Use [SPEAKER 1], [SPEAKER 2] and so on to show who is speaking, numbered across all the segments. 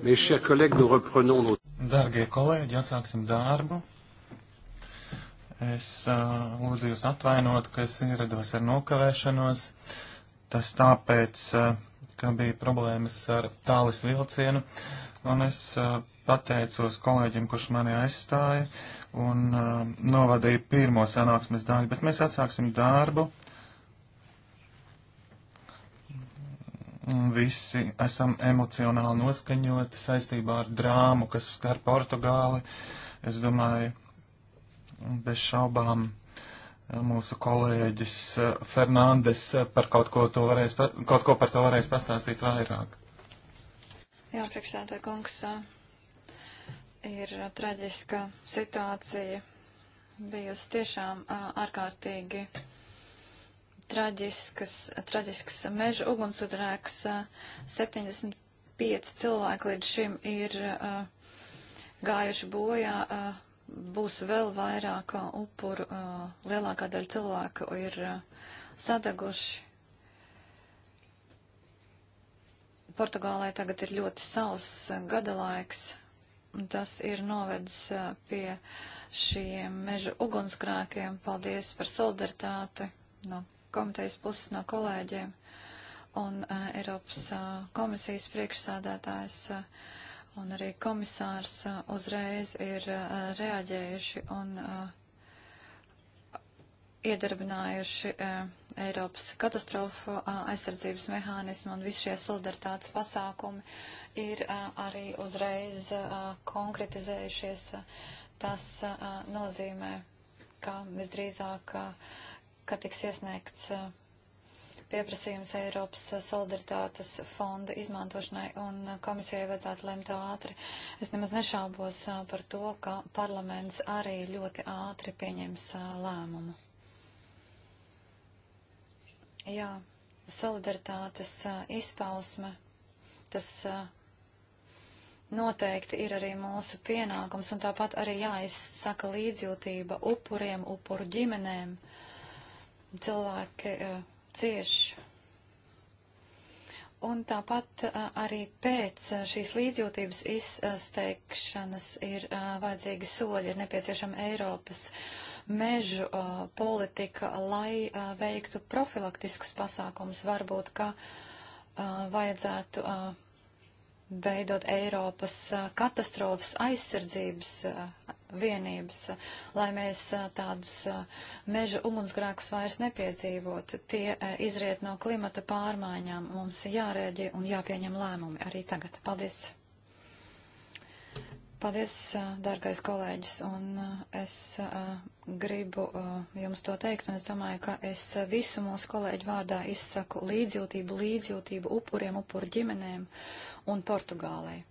[SPEAKER 1] Darbie
[SPEAKER 2] kolēģi, atsāksim darbu. Es uh, lūdzu jūs atvainot, ka es ierados ar nokavēšanos. Tas tāpēc, uh, ka bija problēmas ar tālis vilcienu, un es uh, pateicos kolēģim, kurš mani aizstāja un uh, novadīja pirmo sanāksmes daļu, bet mēs atsāksim darbu. visi esam emocionāli noskaņoti saistībā ar drāmu, kas skar Portugāli. Es domāju, bez šaubām mūsu kolēģis eh, Fernandes eh, par kaut ko, to varēs, kaut ko par to varēs pastāstīt vairāk.
[SPEAKER 3] Jā, priekšsēdētāj kungs, eh, ir traģiska situācija bijusi tiešām ārkārtīgi. Uh, traģiskas, traģisks meža ugunsudrēks. 75 cilvēki līdz šim ir uh, gājuši bojā. Uh, būs vēl vairāk upuru. Uh, lielākā daļa cilvēku ir sadeguši. Portugālē tagad ir ļoti sauss gada laiks. Tas ir novedis pie šiem meža ugunskrākiem. Paldies par solidaritāti no komitejas puses no kolēģiem un uh, Eiropas uh, komisijas priekšsādātājs uh, un arī komisārs uh, uzreiz ir uh, reaģējuši un uh, iedarbinājuši uh, Eiropas katastrofu uh, aizsardzības mehānismu un visi šie solidaritātes pasākumi ir uh, arī uzreiz uh, konkretizējušies. Uh, tas uh, nozīmē, ka visdrīzāk uh, ka tiks iesniegts uh, pieprasījums Eiropas uh, solidaritātes fonda izmantošanai un uh, komisijai vajadzētu lemt ātri. Es nemaz nešaubos par to, ka parlaments arī ļoti ātri pieņems lēmumu. Jā, solidaritātes izpausme, tas noteikti ir arī mūsu pienākums un tāpat arī jāizsaka līdzjūtība upuriem, upuru ģimenēm cilvēki uh, eh, cieši. Un tāpat uh, arī pēc uh, šīs līdzjūtības izsteigšanas ir vajadzīgi soļi, ir nepieciešama Eiropas mežu politika, lai veiktu profilaktiskus pasākumus. Varbūt, ka vajadzētu veidot Eiropas katastrofas aizsardzības vienības, lai mēs tādus meža ugunsgrēkus vairs nepiedzīvotu. Tie izriet no klimata pārmaiņām. Mums jārēģē un jāpieņem lēmumi arī tagad. Paldies! Paldies, dārgais kolēģis, un es gribu jums to teikt, un es domāju, ka es visu mūsu kolēģu vārdā izsaku līdzjūtību, līdzjūtību upuriem, upuru ģimenēm. Uh, un Portugālei.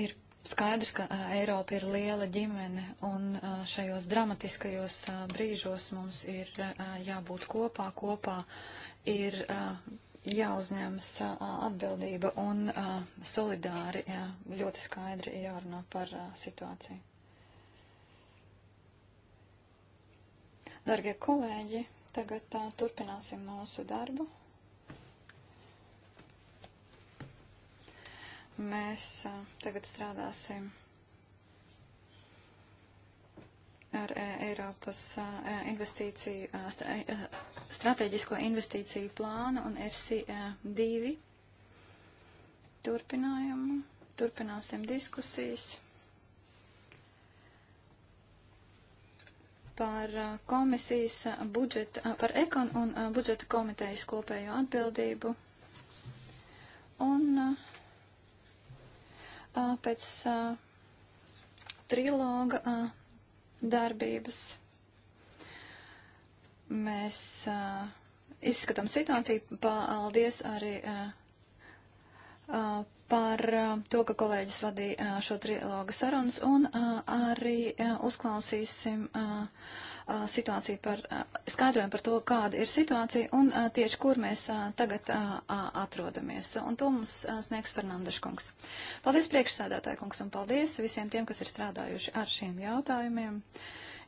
[SPEAKER 3] Ir skaidrs, ka Eiropa ir liela ģimene, un šajos dramatiskajos brīžos mums ir jābūt kopā, kopā ir jāuzņemas atbildība un solidāri jā, ļoti skaidri jārunā par situāciju. Dargie kolēģi, tagad turpināsim mūsu darbu. Mēs tagad strādāsim ar Eiropas investīciju, strateģisko investīciju plānu un FC2 turpinājumu. Turpināsim diskusijas par komisijas budžeta, par ekon un budžeta komitejas kopējo atbildību. Un uh, pēc triloga darbības mēs izskatām situāciju. Paldies arī par to, ka kolēģis vadīja šo trilogu sarunas un arī uzklausīsim. Uh, situāciju par, skaidrojumu par to, kāda ir situācija un tieši kur mēs tagad atrodamies. Un to mums sniegs Fernandeša kungs. Paldies priekšsēdētāju kungs un paldies visiem tiem, kas ir strādājuši ar šiem jautājumiem.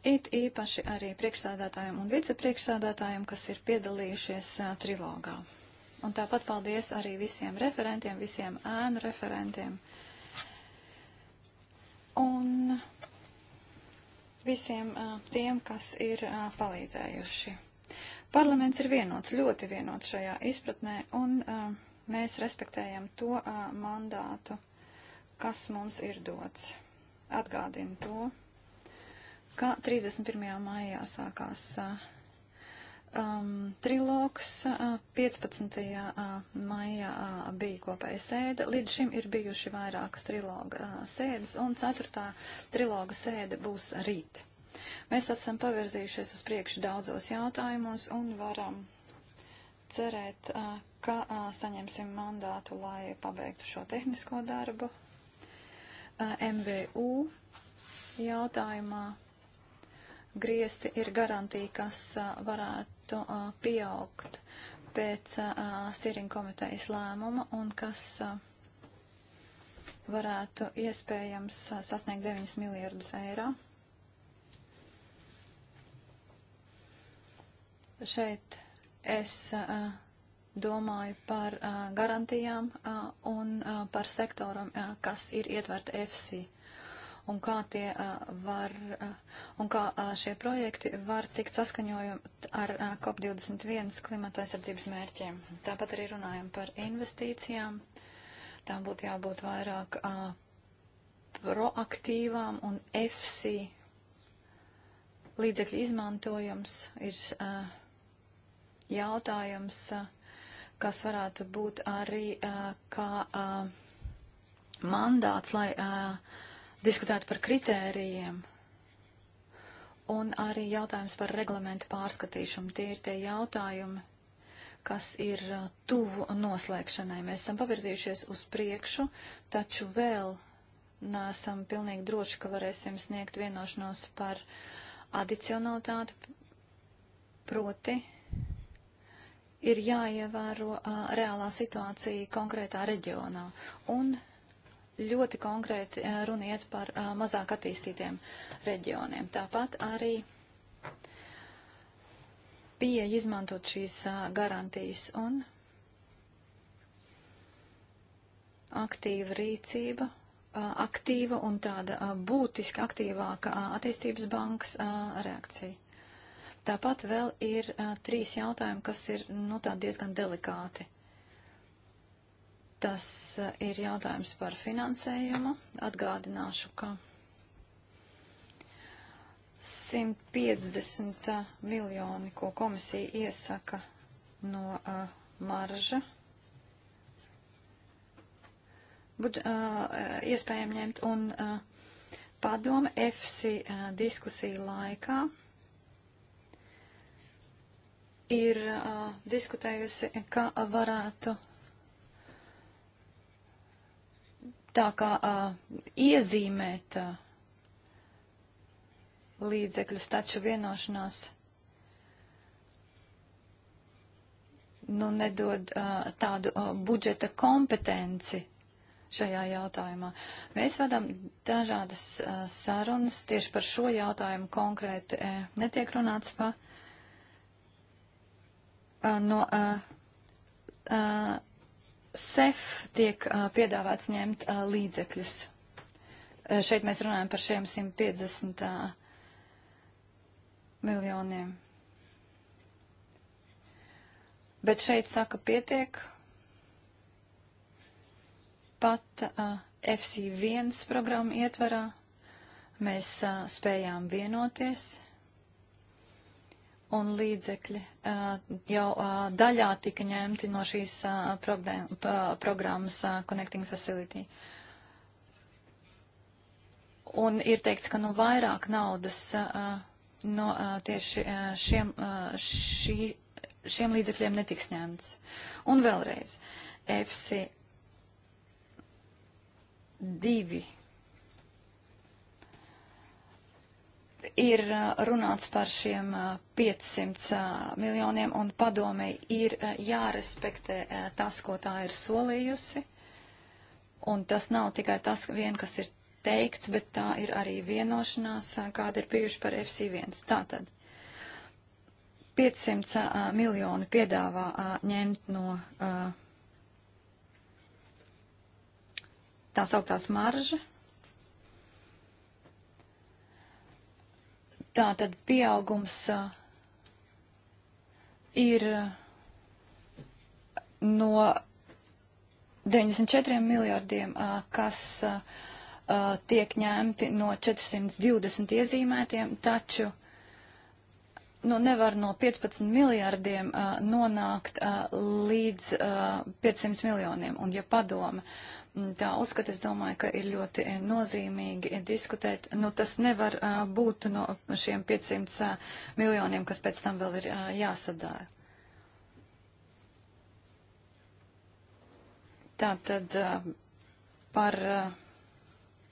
[SPEAKER 3] It īpaši arī priekšsēdētājiem un vicepriekšsēdētājiem, kas ir piedalījušies trilogā. Un tāpat paldies arī visiem referentiem, visiem ēnu referentiem. Un visiem tiem, kas ir palīdzējuši. Parlaments ir vienots, ļoti vienots šajā izpratnē, un mēs respektējam to mandātu, kas mums ir dots. Atgādinu to, ka 31. maijā sākās uh, Um, trilogs uh, 15. Uh, maijā uh, bija kopēja sēde. Līdz šim ir bijuši vairākas triloga uh, sēdes, un 4. triloga sēde būs rīt. Mēs esam pavirzījušies uz priekšu daudzos jautājumos un varam cerēt, uh, ka uh, saņemsim mandātu, lai pabeigtu šo tehnisko darbu. Uh, MVU jautājumā griesti ir garantija, kas uh, varētu varētu uh, pieaugt pēc uh, stīringa komitejas lēmuma un kas uh, varētu iespējams uh, sasniegt 9 miljardus eiro. Šeit es uh, domāju par uh, garantijām uh, un uh, par sektoram, uh, kas ir ietverta EFSI. Uh, un kā, tie, var, un kā šie projekti var tikt saskaņojot ar COP21 klimata aizsardzības mērķiem. Tāpat arī runājam par investīcijām. Tām būtu jābūt vairāk proaktīvām un EFSI līdzekļu izmantojums ir jautājums, kas varētu būt arī kā mandāts, lai uh, diskutētu par kritērijiem un arī jautājums par reglamentu pārskatīšanu. Tie ir tie jautājumi, kas ir uh, tuvu noslēgšanai. Mēs esam pavirzījušies uz priekšu, taču vēl nesam pilnīgi droši, ka varēsim sniegt vienošanos par adicionalitāti, proti ir jāievēro a, uh, reālā situācija konkrētā reģionā. Un ļoti konkrēti eh, runiet par eh, mazāk attīstītiem reģioniem. Tāpat arī pieeja izmantot šīs eh, garantijas un aktīva rīcība, aktīva un tāda būtiski aktīvāka attīstības bankas reakcija. Tāpat vēl ir trīs jautājumi, kas ir nu, diezgan delikāti Tas eh, ir jautājums par finansējumu. Atgādināšu, ka 150 miljoni, ko komisija iesaka no uh, marža, budž, uh, iespējami ņemt un uh, padome EFSI uh, diskusiju laikā ir uh, diskutējusi, ka varētu tā kā uh, iezīmēt uh, līdzekļus, taču vienošanās nu, nedod uh, tādu uh, budžeta kompetenci šajā jautājumā. Mēs vedam dažādas uh, sarunas tieši par šo jautājumu konkrēti. Uh, netiek runāts pa uh, no. Uh, uh, SEF tiek uh, piedāvāts ņemt uh, līdzekļus. Uh, šeit mēs runājam par šiem 150 miljoniem. Bet šeit saka pietiek pat FC1 programmu ietvarā. Mēs spējām vienoties un līdzekļi jau daļā tika ņemti no šīs programmas Connecting Facility. Un ir teikts, ka nu vairāk naudas no tieši šiem, šī, šiem līdzekļiem netiks ņemts. Un vēlreiz, FC divi ir runāts par šiem 500 miljoniem, un padomei ir jārespektē tas, ko tā ir solījusi. Un tas nav tikai tas vien, kas ir teikts, bet tā ir arī vienošanās, kāda ir bijuši par FC1. Tātad 500 miljoni piedāvā ņemt no tā sauktās maržas Tā tad pieaugums ir no 94 miljardiem, kas tiek ņemti no 420 iezīmētiem, taču nu, nevar no 15 miljardiem uh, nonākt uh, līdz uh, 500 miljoniem. Un ja padome tā uzskata, es domāju, ka ir ļoti eh, nozīmīgi diskutēt. Nu, tas nevar uh, būt no šiem 500 uh, eh, miljoniem, kas pēc tam vēl ir uh, jāsadāja. Tā tad uh, par uh,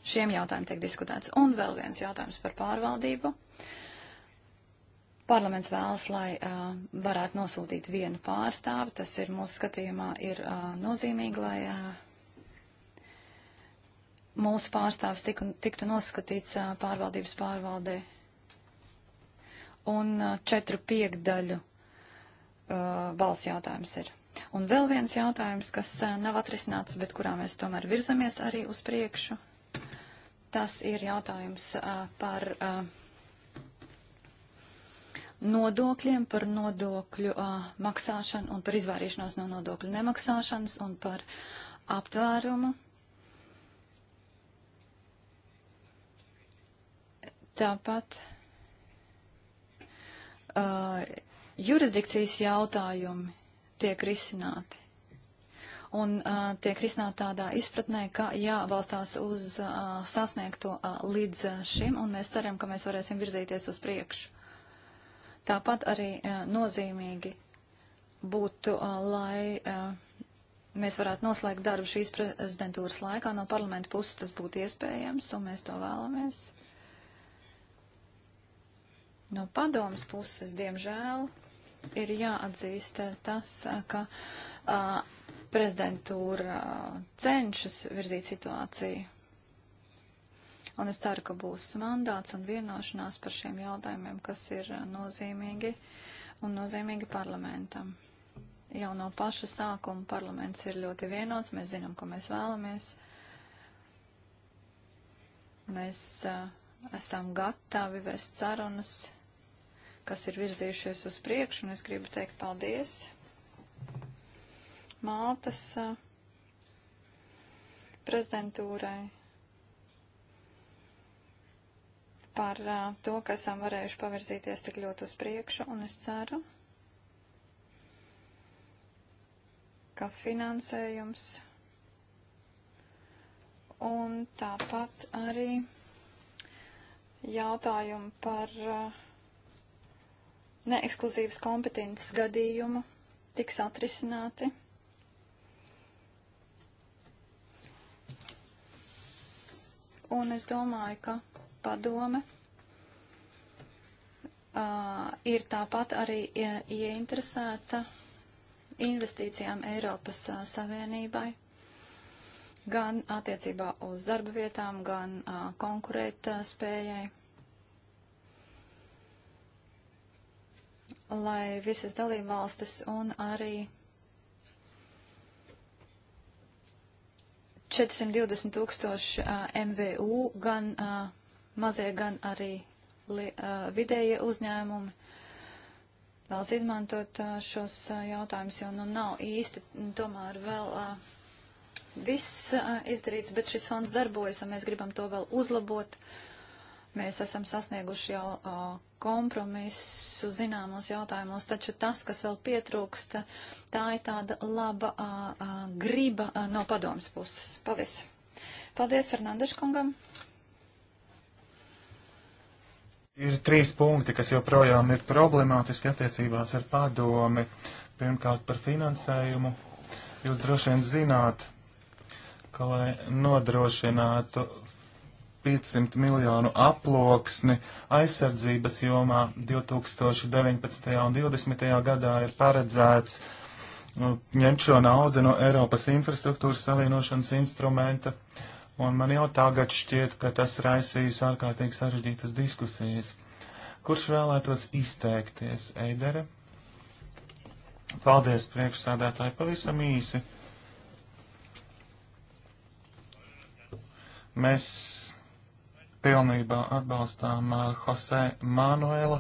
[SPEAKER 3] šiem jautājumiem tiek diskutēts. Un vēl viens jautājums par pārvaldību. Parlaments vēlas, lai uh, varētu nosūtīt vienu pārstāvi. Tas ir mūsu skatījumā ir uh, nozīmīgi, lai. Uh, mūsu pārstāvs tik, tiktu noskatīts pārvaldības pārvaldē. Un četru piekdaļu uh, balss jautājums ir. Un vēl viens jautājums, kas uh, nav atrisināts, bet kurā mēs tomēr virzamies arī uz priekšu. Tas ir jautājums uh, par nodokļiem, par nodokļu maksāšanu un par izvairīšanos no nodokļu nemaksāšanas un par aptvērumu Tāpat uh, jurisdikcijas jautājumi tiek risināti. Un uh, tiek risināt tādā izpratnē, ka jābalstās uz uh, sasniegto uh, līdz šim, un mēs ceram, ka mēs varēsim virzīties uz priekšu. Tāpat arī uh, nozīmīgi būtu, uh, lai. Uh, mēs varētu noslēgt darbu šīs prezidentūras laikā. No parlamenta puses tas būtu iespējams, un mēs to vēlamies. No padomas puses, diemžēl, ir jāatzīst tas, ka a, prezidentūra cenšas virzīt situāciju. Un es ceru, ka būs mandāts un vienošanās par šiem jautājumiem, kas ir nozīmīgi un nozīmīgi parlamentam. Jau no paša sākuma parlaments ir ļoti vienots, mēs zinām, ko mēs vēlamies. Mēs uh, esam gatavi vēst sarunas, kas ir virzījušies uz priekšu, un es gribu teikt paldies Maltas prezidentūrai par to, ka esam varējuši pavirzīties tik ļoti uz priekšu, un es ceru, ka finansējums un tāpat arī jautājumu par eh, neekskluzīvas kompetences gadījumu tiks atrisināti. Un es domāju, ka padome uh, ir tāpat arī ieinteresēta investīcijām Eiropas uh, Savienībai gan attiecībā uz darba vietām, gan uh, konkurēt uh, spējai. Lai visas dalībvalstis un arī 420 tūkstoši uh, MVU, gan uh, mazie, gan arī li, uh, vidējie uzņēmumi vēlas izmantot uh, šos uh, jautājumus, jo nu nav īsti tomēr vēl. Uh, viss izdarīts, bet šis fonds darbojas, un mēs gribam to vēl uzlabot. Mēs esam sasnieguši jau kompromisu zināmos jautājumos, taču tas, kas vēl pietrūksta, tā ir tāda laba a, a, griba a, no padomas puses. Paldies! Paldies Fernandeškungam!
[SPEAKER 2] Ir trīs punkti, kas joprojām ir problemātiski attiecībās ar padomi. Pirmkārt par finansējumu. Jūs droši vien zināt, ka, lai nodrošinātu 500 miljonu aploksni aizsardzības jomā 2019. un 2020. gadā ir paredzēts nu, ņemt šo naudu no Eiropas infrastruktūras salīnošanas instrumenta. Un man jau tagad šķiet, ka tas raisīs ārkārtīgi sarežģītas diskusijas. Kurš vēlētos izteikties, Eidere? Paldies, priekšsādātāji, pavisam īsi. Mēs pilnībā atbalstām uh, Jose Manuela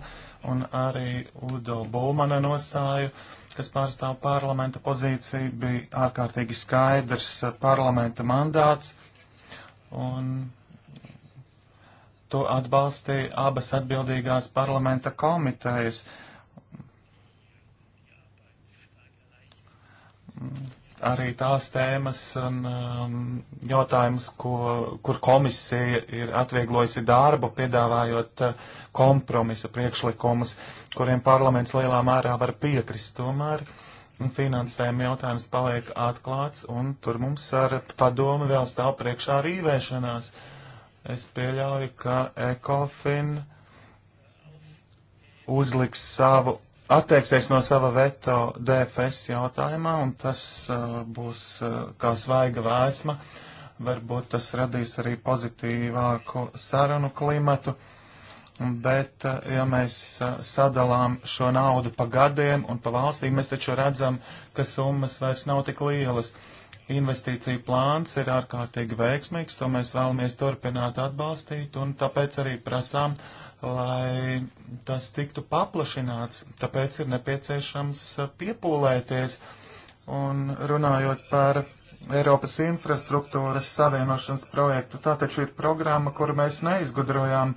[SPEAKER 2] un arī Udo Bulmana nostāju, kas pārstāv parlamenta pozīciju, bija ārkārtīgi skaidrs uh, parlamenta mandāts, un to atbalstīja abas atbildīgās parlamenta komitejas arī tās tēmas un um, jautājumus, ko, kur komisija ir atvieglojusi darbu, piedāvājot uh, kompromisa priekšlikumus, kuriem parlaments lielā mērā var piekrist. Tomēr finansējuma jautājums paliek atklāts, un tur mums ar padomu vēl stāv priekšā rīvēšanās. Es pieļauju, ka ECOFIN uzliks savu atteiksies no sava veto DFS jautājumā, un tas uh, būs uh, kā svaiga vēsma. Varbūt tas radīs arī pozitīvāku sarunu klimatu. Bet, uh, ja mēs uh, sadalām šo naudu pa gadiem un pa valstīm, mēs taču redzam, ka summas vairs nav tik lielas. Investīcija plāns ir ārkārtīgi veiksmīgs, to mēs vēlamies turpināt atbalstīt, un tāpēc arī prasām uh, lai tas tiktu paplašināts, tāpēc ir nepieciešams uh, piepūlēties. Un runājot par Eiropas infrastruktūras savienošanas projektu, tā taču ir programma, kuru mēs neizgudrojām,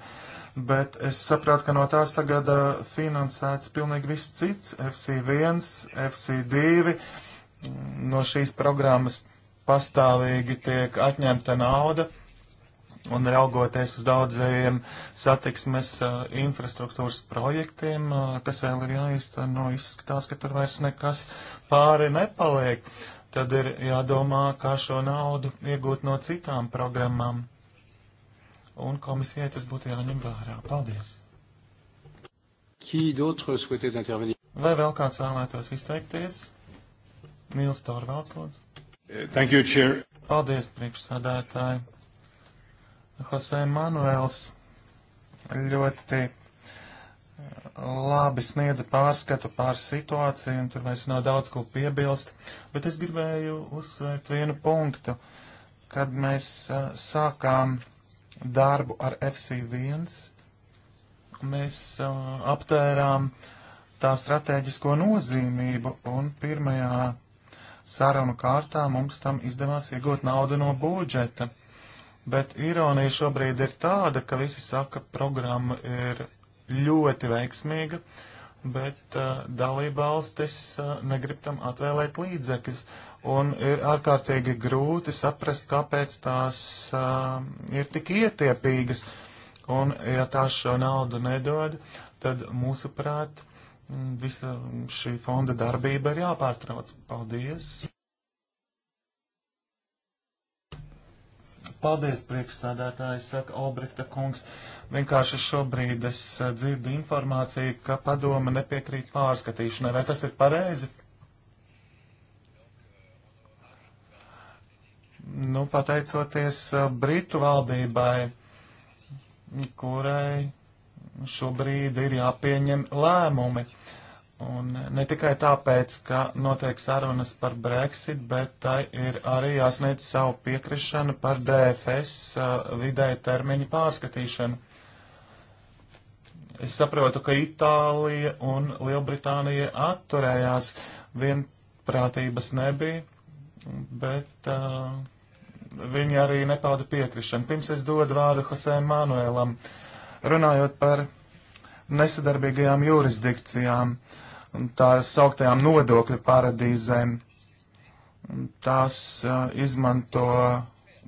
[SPEAKER 2] bet es saprotu, ka no tās tagad uh, finansēts pilnīgi viss cits - FC1, FC2. No šīs programmas pastāvīgi tiek atņemta nauda Un raugoties uz daudziem satiksmes uh, infrastruktūras projektiem, uh, kas vēl ir jāizteno, nu, izskatās, ka tur vairs nekas pāri nepaliek. Tad ir jādomā, kā šo naudu iegūt no citām programmām. Un komisijai tas būtu jāņem vērā. Paldies! Vai vēl kāds vēlētos izteikties? Nils Torvalds, lūdzu. Thank you, Chair. Paldies, priekšsādātāji. Jose Manuels ļoti eh, labi sniedza pārskatu pār situāciju, un tur vairs nav daudz ko piebilst, bet es gribēju uzsvērt vienu punktu. Kad mēs a, eh, sākām darbu ar FC1, mēs a, eh, aptērām tā strateģisko nozīmību, un pirmajā sarunu kārtā mums tam izdevās iegūt naudu no budžeta. Uh, Bet ironija šobrīd ir tāda, ka visi saka, programma ir ļoti veiksmīga, bet uh, dalībvalstis uh, negrib tam atvēlēt līdzekļus. Un ir ārkārtīgi grūti saprast, kāpēc tās uh, ir tik ietiepīgas. Un ja tās šo naudu nedod, tad mūsuprāt mm, visa šī fonda darbība ir jāpārtrauc. Paldies! Paldies, priekšsādātāji, saka Olbrikta kungs. Vienkārši šobrīd es eh, dzirdu informāciju, ka padoma nepiekrīt pārskatīšanai. Vai tas ir pareizi? Nu, pateicoties eh, Britu valdībai, kurai šobrīd ir jāpieņem lēmumi. Uh, Un ne tikai tāpēc, ka notiek sarunas par Brexit, bet tai ir arī jāsniedz savu piekrišanu par DFS uh, vidēja termiņa pārskatīšanu. Es saprotu, ka Itālija un Lielbritānija atturējās, vienprātības nebija, bet uh, viņi arī nepauda piekrišanu. Pirms es dodu vārdu Josē Manuēlam, runājot par nesadarbīgajām jurisdikcijām. Uh, tā sauktajām nodokļu paradīzēm. Tās izmanto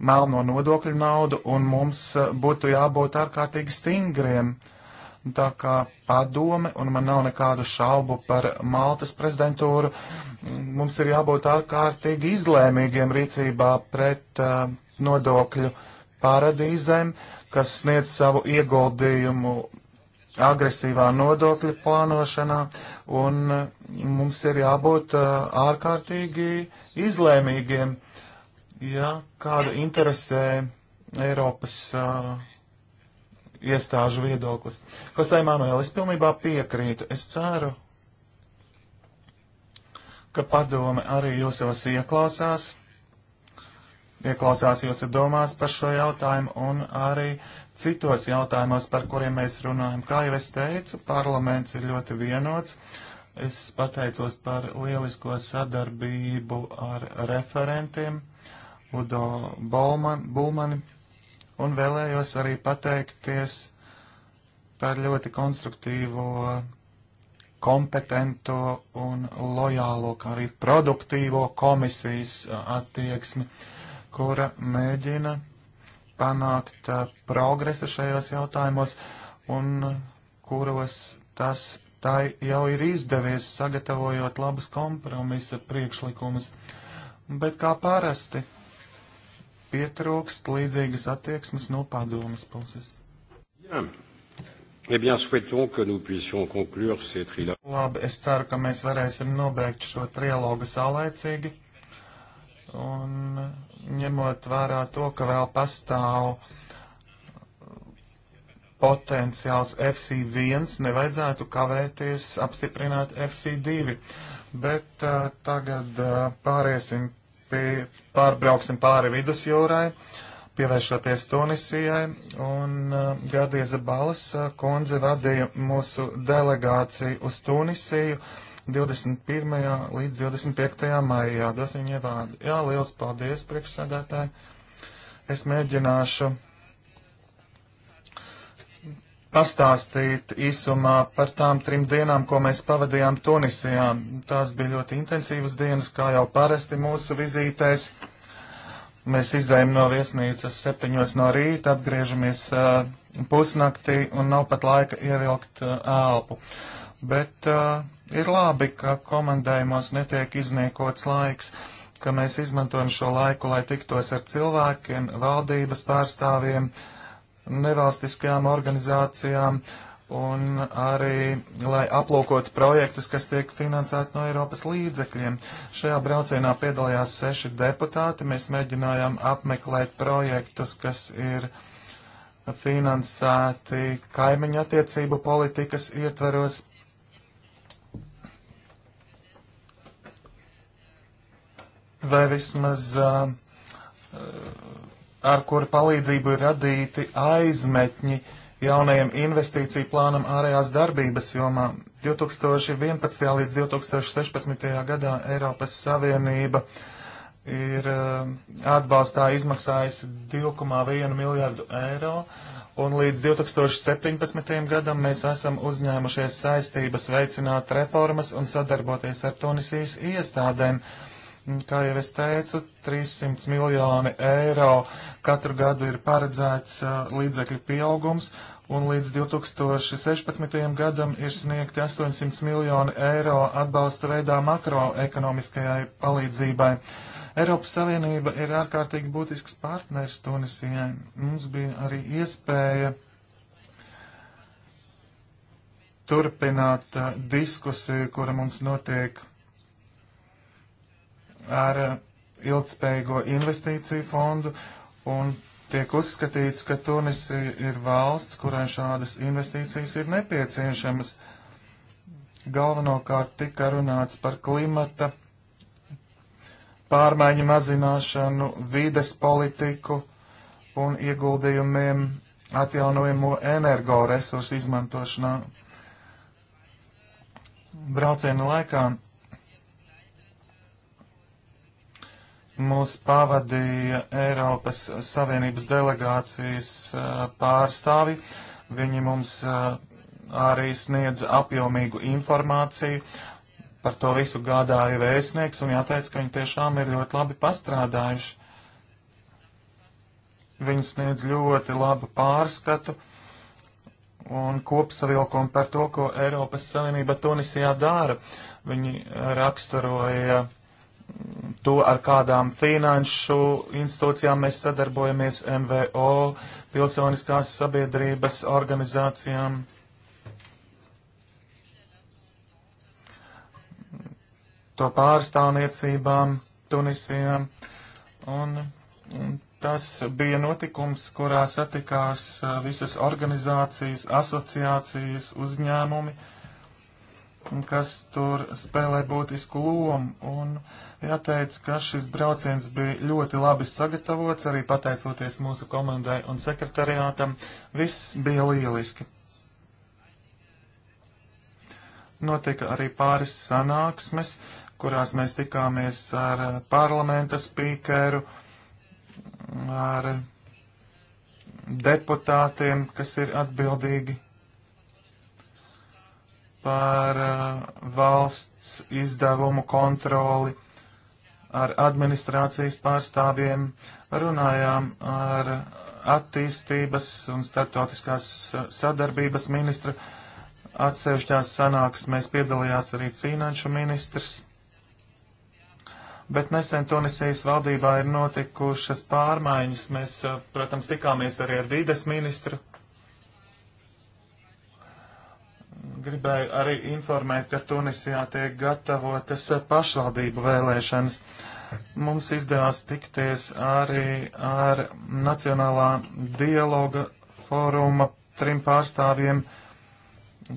[SPEAKER 2] melno nodokļu naudu, un mums būtu jābūt ārkārtīgi stingriem. Tā kā padome, un man nav nekādu šaubu par Maltas prezidentūru, mums ir jābūt ārkārtīgi izlēmīgiem rīcībā pret uh, nodokļu paradīzēm, kas sniedz savu ieguldījumu agresīvā nodokļa plānošanā, un mums ir jābūt ārkārtīgi izlēmīgiem, ja kāda interesē Eiropas uh, iestāžu viedoklis. Kosai Manuēl, es pilnībā piekrītu. Es ceru, ka padome arī jūs jau ieklausās ieklausās jūsu domās par šo jautājumu un arī citos jautājumos, par kuriem mēs runājam. Kā jau es teicu, parlaments ir ļoti vienots. Es pateicos par lielisko sadarbību ar referentiem Udo Bolman, Bulmani un vēlējos arī pateikties par ļoti konstruktīvo, kompetento un lojālo, kā arī produktīvo komisijas attieksmi. Uh, kura mēģina panākt progresu šajos jautājumos un kuros tas tai jau ir izdevies sagatavojot labus kompromisa priekšlikumus. Bet kā parasti, pietrūkst līdzīgas attieksmes no padomas puses. Jā.
[SPEAKER 3] Eh bien, souhaitons que nous puissions conclure ces trilogues.
[SPEAKER 2] Labi, es ceru, ka mēs varēsim nobeigt šo trilogu saulēcīgi. Un ņemot vērā to, ka vēl pastāv potenciāls FC1, nevajadzētu kavēties apstiprināt FC2. Bet uh, tagad uh, pāriesim pie, pārbrauksim pāri vidus jūrai, pievēršoties Tunisijai, un uh, Gardieza Balas uh, kundze vadīja mūsu delegāciju uz Tunisiju. Uh, 21. līdz 25. maijā. Dosim ievādi. Jā, liels paldies, priekšsēdētāji. Es mēģināšu pastāstīt īsumā par tām trim dienām, ko mēs pavadījām Tunisijā. Tās bija ļoti intensīvas dienas, kā jau parasti mūsu vizītēs. Mēs izdējām no viesnīcas septiņos no rīta, apgriežamies uh, pusnaktī un nav pat laika ievilkt uh, elpu. Bet uh, Ir labi, ka komandējumos netiek izniekots laiks, ka mēs izmantojam šo laiku, lai tiktos ar cilvēkiem, valdības pārstāvjiem, nevalstiskajām organizācijām un arī, lai aplūkotu projektus, kas tiek finansēti no Eiropas līdzekļiem. Šajā braucienā piedalījās seši deputāti. Mēs mēģinājām apmeklēt projektus, kas ir finansēti kaimiņa attiecību politikas ietveros. vai vismaz uh, uh, ar kuru palīdzību ir radīti aizmetņi jaunajam investīciju plānam ārējās darbības jomā. 2011. līdz 2016. gadā Eiropas Savienība ir uh, atbalstā izmaksājusi 2,1 miljardu eiro, un līdz 2017. gadam mēs esam uzņēmušies saistības veicināt reformas un sadarboties ar Tunisijas iestādēm. Uh, Kā jau es teicu, 300 miljoni eiro katru gadu ir paredzēts uh, līdzekļu pieaugums, un līdz 2016. gadam ir sniegti 800 miljoni eiro atbalsta veidā makroekonomiskajai palīdzībai. Eiropas Savienība ir ārkārtīgi būtisks partners Tunisijai. Mums bija arī iespēja turpināt uh, diskusiju, kura mums notiek ar eh, ilgspējīgo investīciju fondu un tiek uzskatīts, ka Tunisija ir valsts, kurai šādas investīcijas ir nepieciešamas. Galvenokārt tika runāts par klimata pārmaiņu mazināšanu, vides politiku un ieguldījumiem atjaunojamo energoresursu izmantošanā. Braucienu laikā Mūs pavadīja Eiropas Savienības delegācijas pārstāvi. Viņi mums arī sniedz apjomīgu informāciju. Par to visu gādāja vēstnieks un jāteic, ka viņi tiešām ir ļoti labi pastrādājuši. Viņi sniedz ļoti labu pārskatu un kopsavilkumu par to, ko Eiropas Savienība Tunisijā dara. Viņi raksturoja to, ar kādām finanšu institūcijām mēs sadarbojamies, NVO, pilsoniskās sabiedrības organizācijām. to pārstāvniecībām Tunisijā. Un, un tas bija notikums, kurā satikās visas organizācijas, asociācijas, uzņēmumi. Uh, kas tur spēlē būtisku lomu. Un jāteic, ka šis brauciens bija ļoti labi sagatavots, arī pateicoties mūsu komandai un sekretariātam. Viss bija lieliski. Notika arī pāris sanāksmes, kurās mēs tikāmies ar parlamenta spīkeru, ar deputātiem, kas ir atbildīgi par uh, valsts izdevumu kontroli ar administrācijas pārstāvjiem, runājām ar attīstības un starptautiskās uh, sadarbības ministru. Atsevišķās sanāksmēs piedalījās arī finanšu ministrs. Bet nesen Tunisijas valdībā ir notikušas pārmaiņas. Mēs, uh, protams, tikāmies arī ar vides ministru gribēju arī informēt, ka Tunisijā tiek gatavotas pašvaldību vēlēšanas. Mums izdevās tikties arī ar Nacionālā dialoga fóruma trim pārstāvjiem,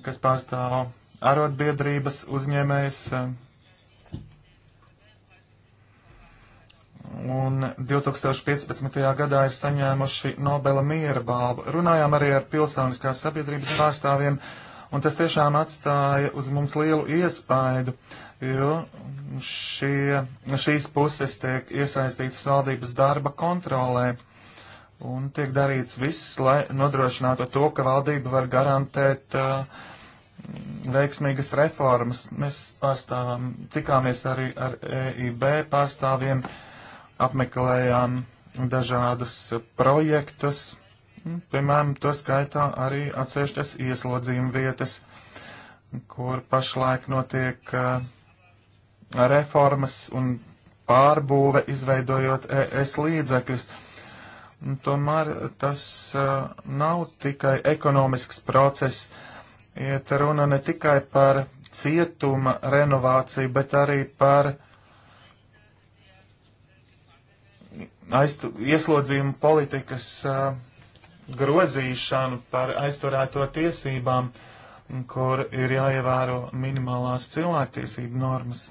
[SPEAKER 2] kas pārstāv arotbiedrības uzņēmējs. Un 2015. gadā ir saņēmuši Nobela miera balvu. Runājām arī ar pilsoniskās sabiedrības pārstāvjiem. Uh, Un tas tiešām atstāja uz mums lielu iespaidu, jo šie, šīs puses tiek iesaistītas valdības darba kontrolē. Un tiek darīts viss, lai nodrošinātu to, ka valdība var garantēt uh, veiksmīgas reformas. Mēs pārstāvām, tikāmies arī ar EIB pārstāvjiem, apmeklējām dažādus projektus, Piemēram, to skaitā arī atsevišķas ieslodzījuma vietas, kur pašlaik notiek uh, reformas un pārbūve, izveidojot ES līdzekļus. Un tomēr tas uh, nav tikai ekonomisks process. Iet runa ne tikai par cietuma renovāciju, bet arī par aiztu, ieslodzījumu politikas uh, grozīšanu par aizturēto tiesībām, kur ir jāievēro minimālās cilvēktiesību normas.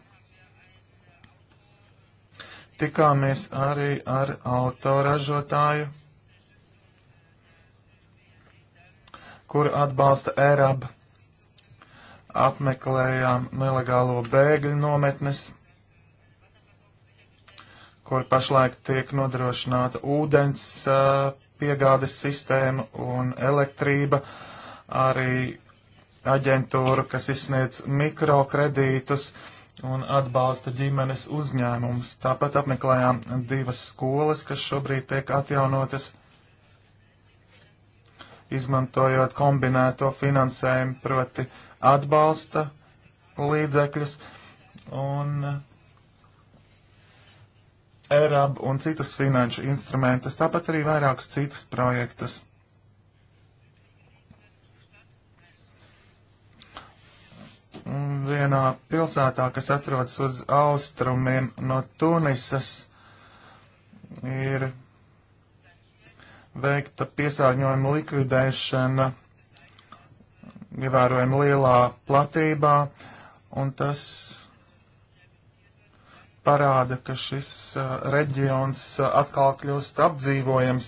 [SPEAKER 2] Tikāmies arī ar autoražotāju, kur atbalsta ERAB. Apmeklējām nelegālo bēgļu nometnes kur pašlaik tiek nodrošināta ūdens uh, piegādes sistēma un elektrība, arī aģentūra, kas izsniedz mikrokredītus un atbalsta ģimenes uzņēmumus. Tāpat apmeklējām divas skolas, kas šobrīd tiek atjaunotas, izmantojot kombinēto finansējumu, proti atbalsta līdzekļus un ERAB un citus finanšu instrumentus, tāpat arī vairākus citus projektus. Un vienā pilsētā, kas atrodas uz austrumiem no Tunisas, ir veikta piesārņojuma likvidēšana ievērojami lielā platībā, un tas parāda, ka šis uh, reģions uh, atkal kļūst apdzīvojams.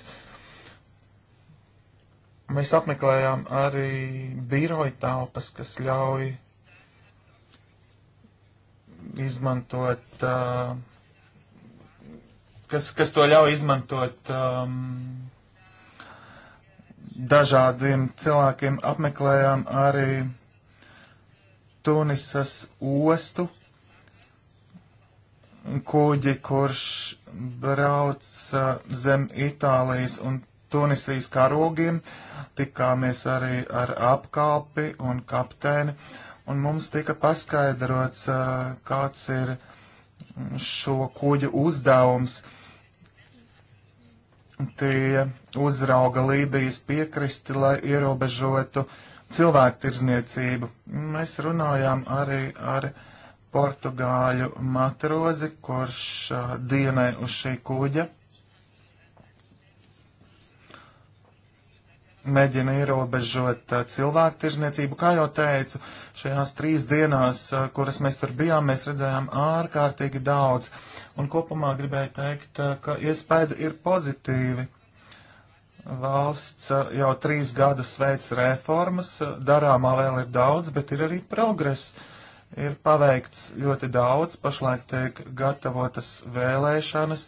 [SPEAKER 2] Mēs apmeklējām arī biroja telpas, kas ļauj izmantot, uh, kas, kas to ļauj izmantot um, dažādiem cilvēkiem. Apmeklējām arī Tunisas ostu kuģi, kurš brauc zem Itālijas un Tunisijas karogiem. Tikāmies arī ar apkalpi un kapteini, un mums tika paskaidrots, kāds ir šo kuģu uzdevums. Tie uzrauga Lībijas piekristi, lai ierobežotu cilvēku tirzniecību. Mēs runājām arī ar. Uh, portugāļu matrozi, kurš uh, dienē uz šī kuģa mēģina ierobežot uh, cilvēku tirzniecību. Kā jau teicu, šajās trīs dienās, uh, kuras mēs tur bijām, mēs redzējām ārkārtīgi daudz. Un kopumā gribēju teikt, ka iespēja ir pozitīvi. Valsts jau trīs gadus veids reformas, darāmā vēl ir daudz, bet ir arī progress ir paveikts ļoti daudz, pašlaik tiek gatavotas vēlēšanas,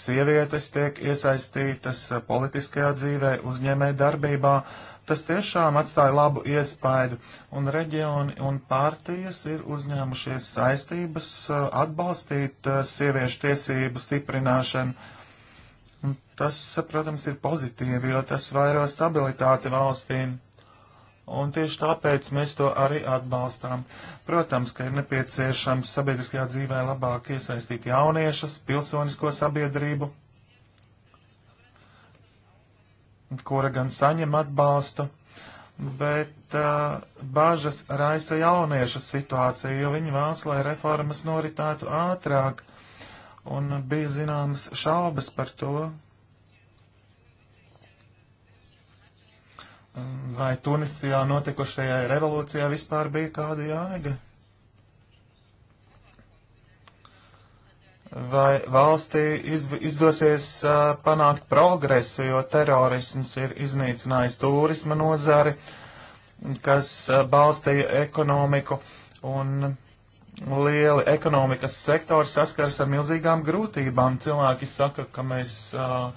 [SPEAKER 2] sievietes tiek iesaistītas politiskajā dzīvē, uzņēmē darbībā. Tas tiešām atstāja labu iespaidu, un reģioni un pārtījas ir uzņēmušies saistības uh, atbalstīt uh, sieviešu tiesību stiprināšanu. Un tas, uh, protams, ir pozitīvi, jo tas vairo stabilitāti valstīm un tieši tāpēc mēs to arī atbalstām. Protams, ka ir nepieciešams sabiedriskajā dzīvē labāk iesaistīt jauniešus, pilsonisko sabiedrību, kura gan saņem atbalstu, bet uh, bažas raisa jauniešu situācija, jo viņi vēlas, lai reformas noritētu ātrāk, un bija zināmas šaubas par to, vai Tunisijā notikušajai revolūcijai vispār bija kāda jēga? Vai valstī izv izdosies uh, panākt progresu, jo terorisms ir iznīcinājis turisma nozari, kas uh, balstīja ekonomiku un lieli ekonomikas sektori saskars ar milzīgām grūtībām. Cilvēki saka, ka mēs uh,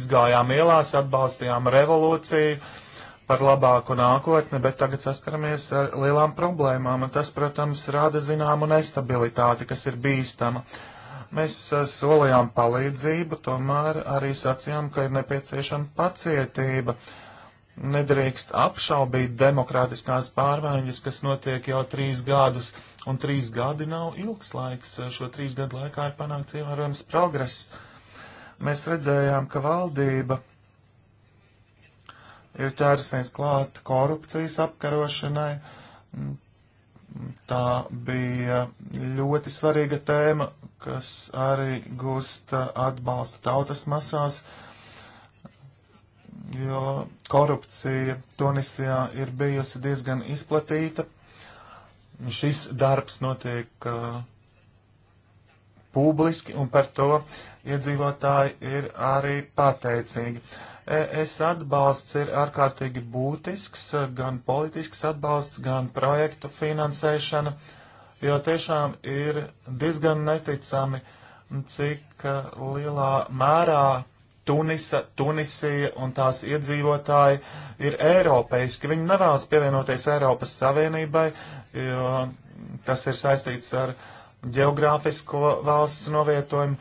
[SPEAKER 2] izgājām ielās, atbalstījām revolūciju, uh, par labāku nākotni, bet tagad saskaramies ar lielām problēmām, un tas, protams, rada zināmu nestabilitāti, kas ir bīstama. Mēs eh, solījām palīdzību, tomēr arī sacījām, ka ir nepieciešama pacietība. Nedrīkst apšaubīt demokrātiskās pārmaiņas, kas notiek jau trīs gadus, un trīs gadi nav ilgs laiks. Šo trīs gadu laikā ir panākts ievērojams progress. Mēs redzējām, ka valdība ir ķērusies klāt korupcijas apkarošanai. Mm, Tā bija ļoti svarīga tēma, kas arī gūst atbalstu tautas masās, jo korupcija Tunisijā ir bijusi diezgan izplatīta. Šis darbs notiek uh, publiski, un par to iedzīvotāji ir arī pateicīgi. Uh, ES atbalsts ir ārkārtīgi būtisks, gan politisks atbalsts, gan projektu finansēšana, jo tiešām ir diezgan neticami, cik e, lielā mērā Tunisa, Tunisija un tās iedzīvotāji ir eiropeiski. Viņi nevēlas pievienoties Eiropas Savienībai, jo tas ir saistīts ar uh, geogrāfisko valsts novietojumu,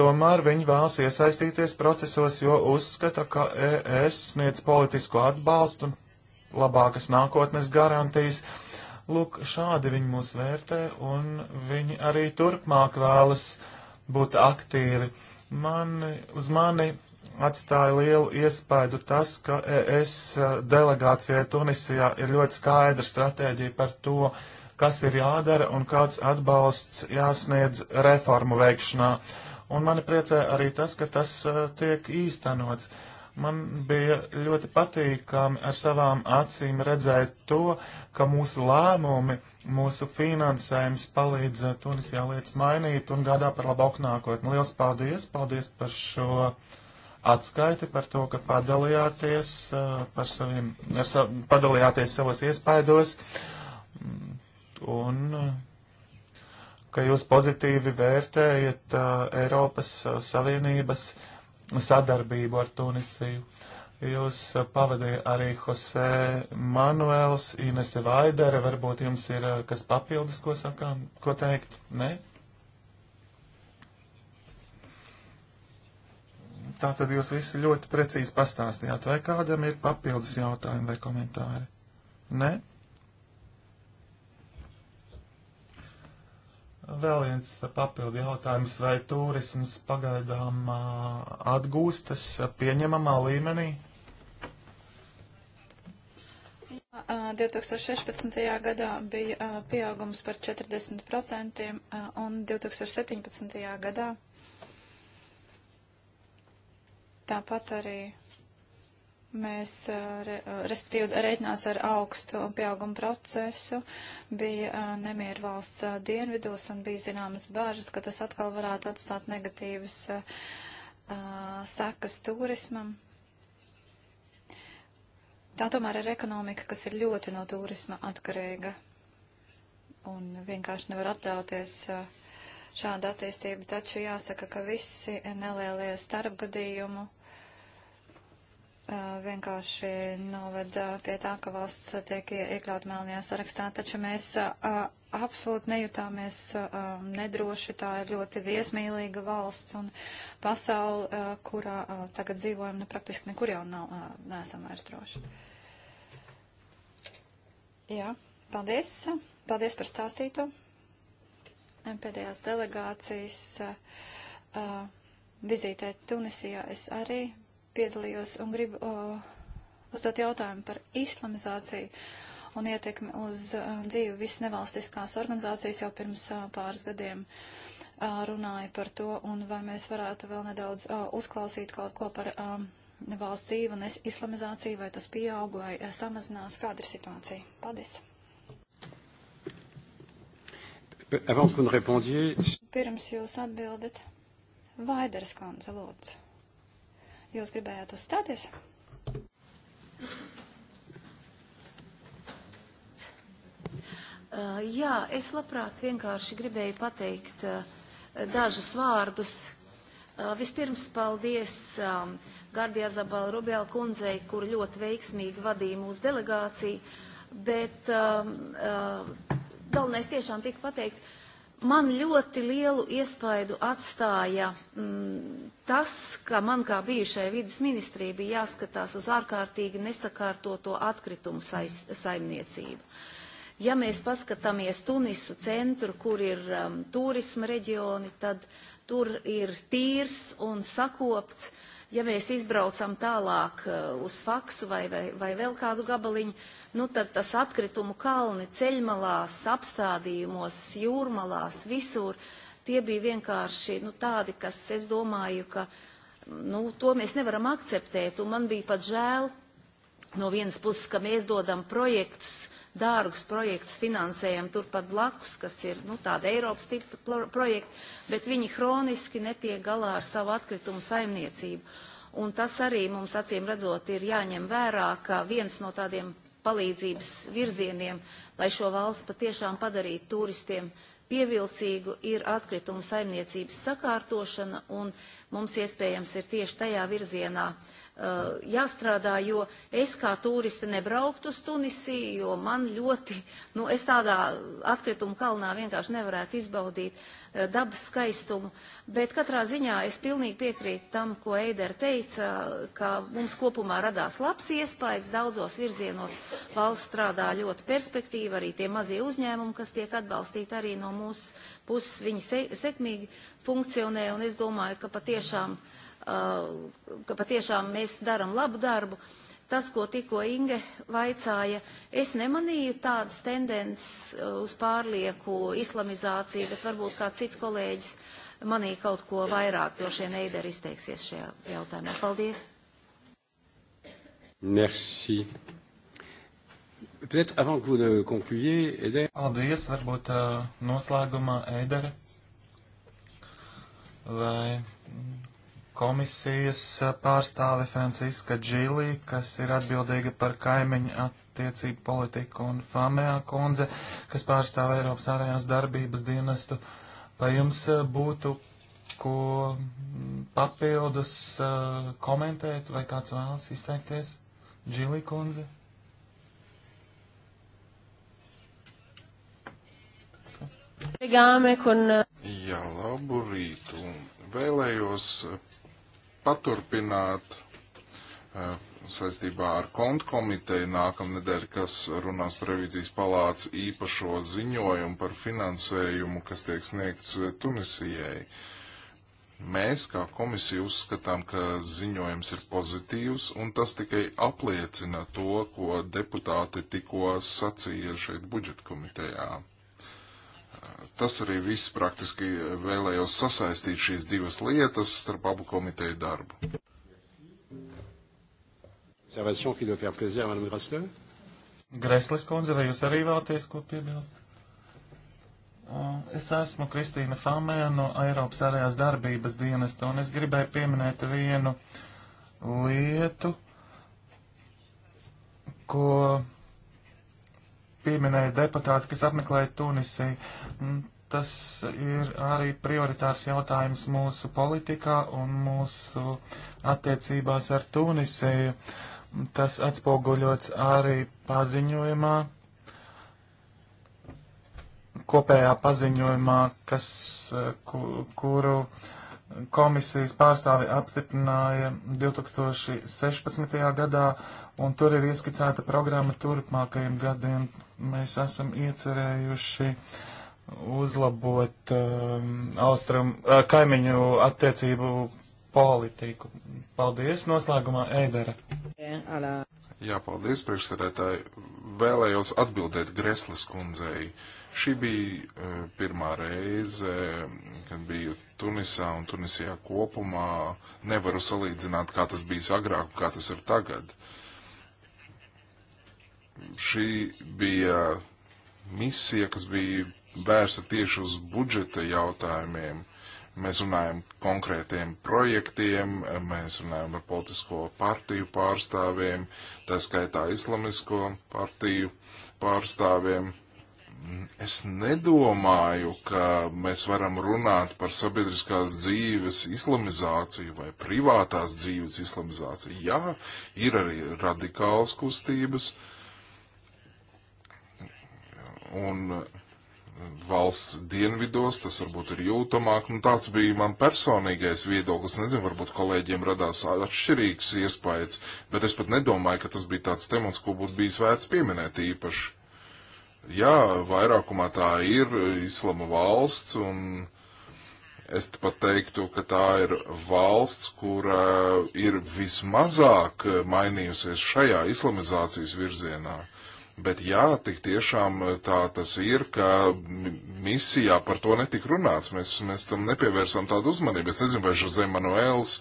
[SPEAKER 2] tomēr viņi vēlas iesaistīties procesos, jo uzskata, ka ES sniedz politisko atbalstu, labākas nākotnes garantijas. Lūk, šādi viņi mūs vērtē, un viņi arī turpmāk vēlas būt aktīvi. Man, uz mani atstāja lielu iespaidu tas, ka ES delegācijai Tunisijā ir ļoti skaidra stratēģija par to, uh, kas ir jādara un kāds atbalsts jāsniedz reformu veikšanā. Un mani priecē arī tas, ka tas uh, tiek īstenots. Man bija ļoti patīkami ar savām acīm redzēt to, ka mūsu lēmumi, mūsu finansējums palīdz uh, Tunisijā lietas mainīt un gādā par labāku nākotni. Liels paldies! Paldies par šo atskaiti, par to, ka padalījāties, uh, par saviem, sav, padalījāties savos iespaidos. Mm un eh, ka jūs pozitīvi vērtējat uh, Eiropas uh, Savienības sadarbību ar Tunisiju. Jūs uh, pavadīja arī Jose Manuels, Inese Vaidere, varbūt jums ir uh, kas papildus, ko sakām, ko teikt? Nē? Tātad jūs visi ļoti precīzi pastāstījāt, vai kādam ir papildus jautājumi vai komentāri? Nē? Vēl viens papildi jautājums, vai turisms pagaidām atgūstas pieņemamā līmenī?
[SPEAKER 3] 2016. gadā bija pieaugums par 40% un 2017. gadā tāpat arī mēs, re, respektīvi, rēķinās ar augstu pieaugumu procesu, bija nemieru valsts dienvidos un bija zināmas bāžas, ka tas atkal varētu atstāt negatīvas uh, sekas turismam. Tā tomēr ir ekonomika, kas ir ļoti no turisma atkarīga un vienkārši nevar atļauties uh, šādu attīstību, taču jāsaka, ka visi nelielie starpgadījumu vienkārši noveda pie tā, ka valsts tiek iekļaut melnajā sarakstā, taču mēs absolūti nejutāmies nedroši. Tā ir ļoti viesmīlīga valsts un pasauli, kurā tagad dzīvojam, nu praktiski nekur jau nav, neesam vairs droši. Jā, paldies. Paldies par stāstīto. Pēdējās delegācijas vizītē Tunisijā es arī piedalījos un gribu uh, uzdot jautājumu par islamizāciju un ietekmi uz uh, dzīvi visas nevalstiskās organizācijas jau pirms uh, pāris gadiem uh, runāja par to, un vai mēs varētu vēl nedaudz uh, uzklausīt kaut ko par uh, valsts dzīvi un islamizāciju, vai tas pieaug vai uh, samazinās, kāda ir situācija. Paldies!
[SPEAKER 1] Pirms
[SPEAKER 3] jūs atbildat, Vaideres kundze lūdzu.
[SPEAKER 1] Jūs gribējāt uzstāties? Uh, jā, es labprāt vienkārši gribēju pateikt uh, dažus vārdus. Uh, vispirms paldies um, Gardijā Zabala Rubjāla kundzei, kur ļoti veiksmīgi vadīja mūsu delegāciju, bet um, uh, galvenais tiešām tika pateikts. Man ļoti lielu iespaidu atstāja mm, tas, ka man kā bijušai vidas ministrijai bija jāskatās uz ārkārtīgi nesakārtoto atkritumu sais, saimniecību. Ja mēs paskatāmies Tunisu centru, kur ir um, turisma reģioni, tad tur ir tīrs un sakopts. Ja mēs izbraucam tālāk uh, uz Faksu vai, vai, vai vēl kādu gabaliņu, nu tad tas atkritumu kalni ceļmalās, apstādījumos, jūrmalās, visur uh, tie bija vienkārši nu, tādi, kas es domāju, ka nu, to mēs nevaram akceptēt. Un man bija pat žēl no vienas puses, ka mēs dodam projektus, dārgus projektus finansējam turpat blakus, kas ir nu, tāda Eiropas tipa projekta, bet viņi hroniski netiek galā ar savu atkritumu saimniecību. Un tas arī mums acīm redzot ir jāņem vērā, ka viens no tādiem palīdzības virzieniem, lai šo valsts patiešām padarītu turistiem uh, pievilcīgu ir atkritumu saimniecības sakārtošana, un mums iespējams ir tieši tajā virzienā uh, Uh, jāstrādā, jo es kā turiste nebrauktu uz Tunisiju, jo man ļoti, nu, es tādā atkritumu kalnā vienkārši nevarētu izbaudīt uh, dabas skaistumu. Bet katrā ziņā es pilnīgi piekrītu tam, ko Eider teica, ka mums kopumā radās labs iespējas, daudzos virzienos valsts strādā ļoti perspektīvi, arī tie mazie uzņēmumi, kas tiek atbalstīti arī no mūsu puses, viņi se sekmīgi funkcionē, un es domāju, ka patiešām uh, Uh, ka patiešām mēs daram labu darbu. Tas, ko tikko Inge vaicāja, es nemanīju tādas tendences uh, uz pārlieku islamizāciju, bet varbūt kāds cits kolēģis manī kaut ko vairāk droši vien Eider izteiksies šajā jautājumā. Paldies!
[SPEAKER 2] Merci. Peut-être avant que vous ne concluiez, Eider. Paldies, varbūt uh, noslēgumā Eider. Vai komisijas pārstāve Franciska Džilī, kas ir atbildīga par kaimiņu attiecību politiku, un Famea Konze, kas pārstāv Eiropas ārējās darbības dienestu. Vai jums eh, būtu ko mm, papildus uh, komentēt, vai kāds vēlas izteikties? Džilī Konze?
[SPEAKER 1] Eh,
[SPEAKER 4] Jā, labu rītu. Vēlējos paturpināt eh, saistībā ar kontu komiteju nākamnedēļ, kas runās par revīzijas palāca īpašo ziņojumu par finansējumu, kas tiek sniegts eh, Tunisijai. Mēs, kā komisija, uzskatām, ka ziņojums ir pozitīvs, un tas tikai apliecina to, ko deputāti tikko sacīja šeit budžetkomitejā. komitejā tas arī viss praktiski vēlējos sasaistīt šīs divas lietas starp abu komiteju darbu.
[SPEAKER 2] Greslis kundze, vai jūs arī vēlaties ko piebilst? Es esmu Kristīna Famēna no Eiropas ārējās darbības dienesta, un es gribēju pieminēt vienu lietu, ko pieminēja deputāti, kas apmeklēja Tunisiju. Mm, tas ir arī prioritārs jautājums mūsu politikā un mūsu attiecībās ar Tunisiju. Tas atspoguļots arī paziņojumā, kopējā paziņojumā, kas, eh, kuru komisijas pārstāvi apstiprināja 2016. gadā, un tur ir ieskicēta programma turpmākajiem gadiem. Mēs esam iecerējuši uzlabot um, austram, uh, kaimiņu attiecību politiku. Paldies, noslēgumā Eidera.
[SPEAKER 4] Jā, paldies, priekšsēdētāji. Vēlējos atbildēt Greslis kundzei. Šī bija uh, pirmā reize, kad biju Tunisā un Tunisijā kopumā nevaru salīdzināt, kā tas bijis agrāk un kā tas ir tagad. Šī bija misija, kas bija vērsta tieši uz budžeta jautājumiem. Mēs runājam konkrētiem projektiem, mēs runājam ar politisko partiju pārstāvjiem, tā skaitā islamisko partiju pārstāvjiem. Es nedomāju, ka mēs varam runāt par sabiedriskās dzīves islamizāciju vai privātās dzīves islamizāciju. Jā, ir arī radikāls kustības un valsts dienvidos tas varbūt ir jūtamāk. Nu, tāds bija man personīgais viedoklis. Nezinu, varbūt kolēģiem radās atšķirīgs iespējas, bet es pat nedomāju, ka tas bija tāds temats, ko būtu bijis vērts pieminēt īpaši. Jā, vairākumā tā ir islama valsts, un es pat teiktu, ka tā ir valsts, kura ir vismazāk mainījusies šajā islamizācijas virzienā. Bet jā, tik tiešām tā tas ir, ka misijā par to netika runāts. Mēs, mēs tam nepievērsām tādu uzmanību. Es nezinu, vai Žozē Manuēls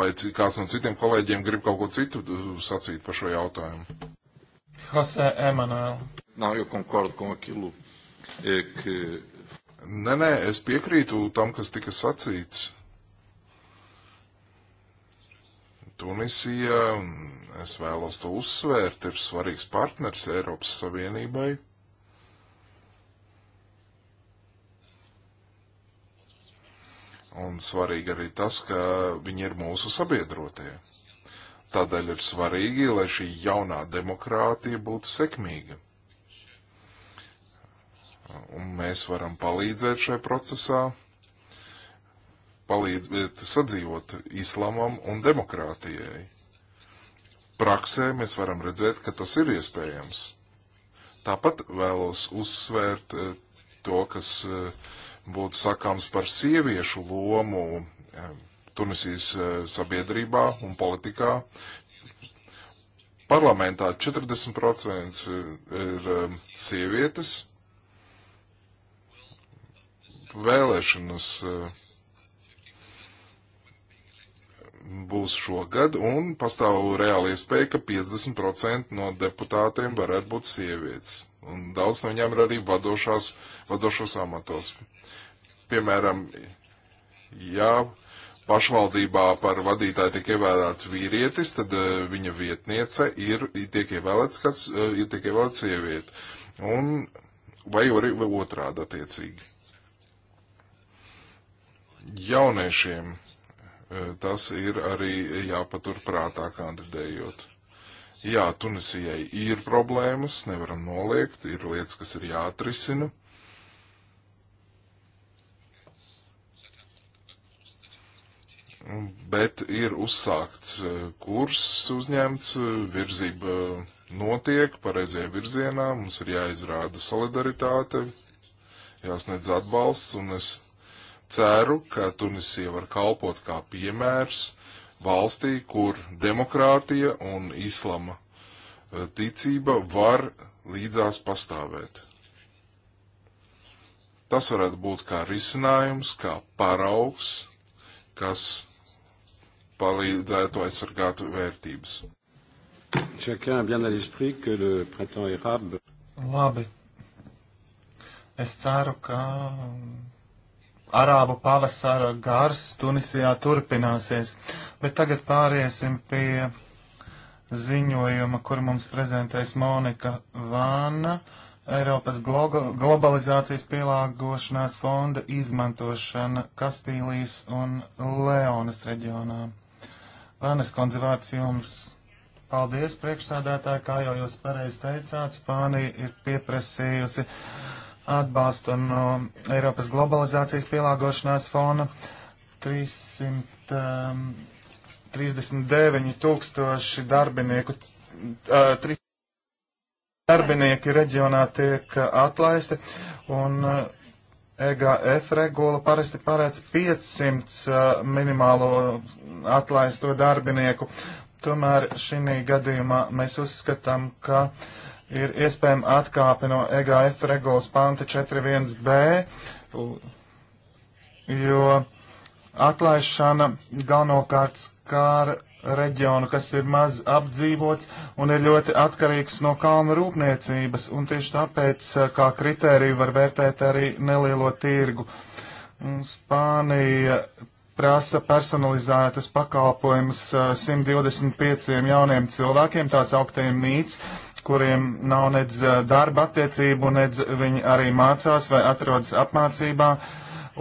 [SPEAKER 4] vai kāds no citiem kolēģiem grib kaut ko citu sacīt par šo jautājumu.
[SPEAKER 2] Jose Emanuēl.
[SPEAKER 4] Não, eu concordo com aquilo que. Nē, nē, es piekrītu tam, kas tika sacīts. Tunisija, es vēlos to uzsvērt, ir svarīgs partners Eiropas Savienībai. Un svarīgi arī tas, ka viņi ir mūsu sabiedrotie. Tādēļ ir svarīgi, lai šī jaunā demokrātija būtu sekmīga un mēs varam palīdzēt šai procesā, palīdzēt sadzīvot islamam un demokrātijai. Praksē mēs varam redzēt, ka tas ir iespējams. Tāpat vēlos uzsvērt eh, to, kas eh, būtu sakāms par sieviešu lomu eh, Tunisijas sabiedrībā un politikā. Parlamentā 40% ir sievietes, vēlēšanas eh, būs šogad, un pastāv reāli iespēja, ka 50% no deputātiem varētu būt sievietes. Un daudz no viņām ir arī vadošās, vadošos amatos. Piemēram, ja pašvaldībā par vadītāju tiek ievēlēts vīrietis, tad eh, viņa vietniece ir, tiek ievēlēts, kas ir eh, tiek ievēlēts sieviete. Un vai arī otrādi attiecīgi jauniešiem e, tas ir arī jāpatur prātā kandidējot. Jā, Tunisijai ir problēmas, nevaram noliegt, ir lietas, kas ir jāatrisina. Bet ir uzsākts e, kurs uzņemts, e, virzība notiek pareizajā virzienā, mums ir jāizrāda solidaritāte, jāsniedz atbalsts, un es ceru, ka Tunisija var kalpot kā piemērs valstī, kur demokrātija un islama e, ticība var līdzās pastāvēt. Tas varētu būt kā risinājums, kā paraugs, kas palīdzētu aizsargāt vērtības.
[SPEAKER 2] Labi. Es ceru, ka arābu pavasara gars Tunisijā turpināsies. Bet tagad pāriesim pie ziņojuma, kur mums prezentēs Monika Vāna. Eiropas globalizācijas pielāgošanās fonda izmantošana Kastīlijas un Leonas reģionā. Vānes kundze vārds jums. Paldies, priekšsādātāji, kā jau jūs pareizi teicāt, Spānija ir pieprasījusi atbalstu no Eiropas globalizācijas pielāgošanās fona 339 um, tūkstoši darbinieku. Uh, tri, darbinieki reģionā tiek uh, atlaisti un uh, EGF regula parasti paredz 500 uh, minimālo atlaisto darbinieku. Tomēr šī gadījumā mēs uzskatām, ka uh, ir iespējama atkāpe no EGF regulas panta 4.1b, jo atlaišana galvenokārt skāra reģionu, kas ir maz apdzīvots un ir ļoti atkarīgs no kalnu rūpniecības, un tieši tāpēc eh, kā kritēriju var vērtēt arī nelielo tirgu. Spānija prasa personalizētas pakalpojumus 125 eh, jauniem cilvēkiem, tās augtējiem nīts, kuriem nav nedz eh, darba attiecību, nedz viņi arī mācās vai atrodas apmācībā,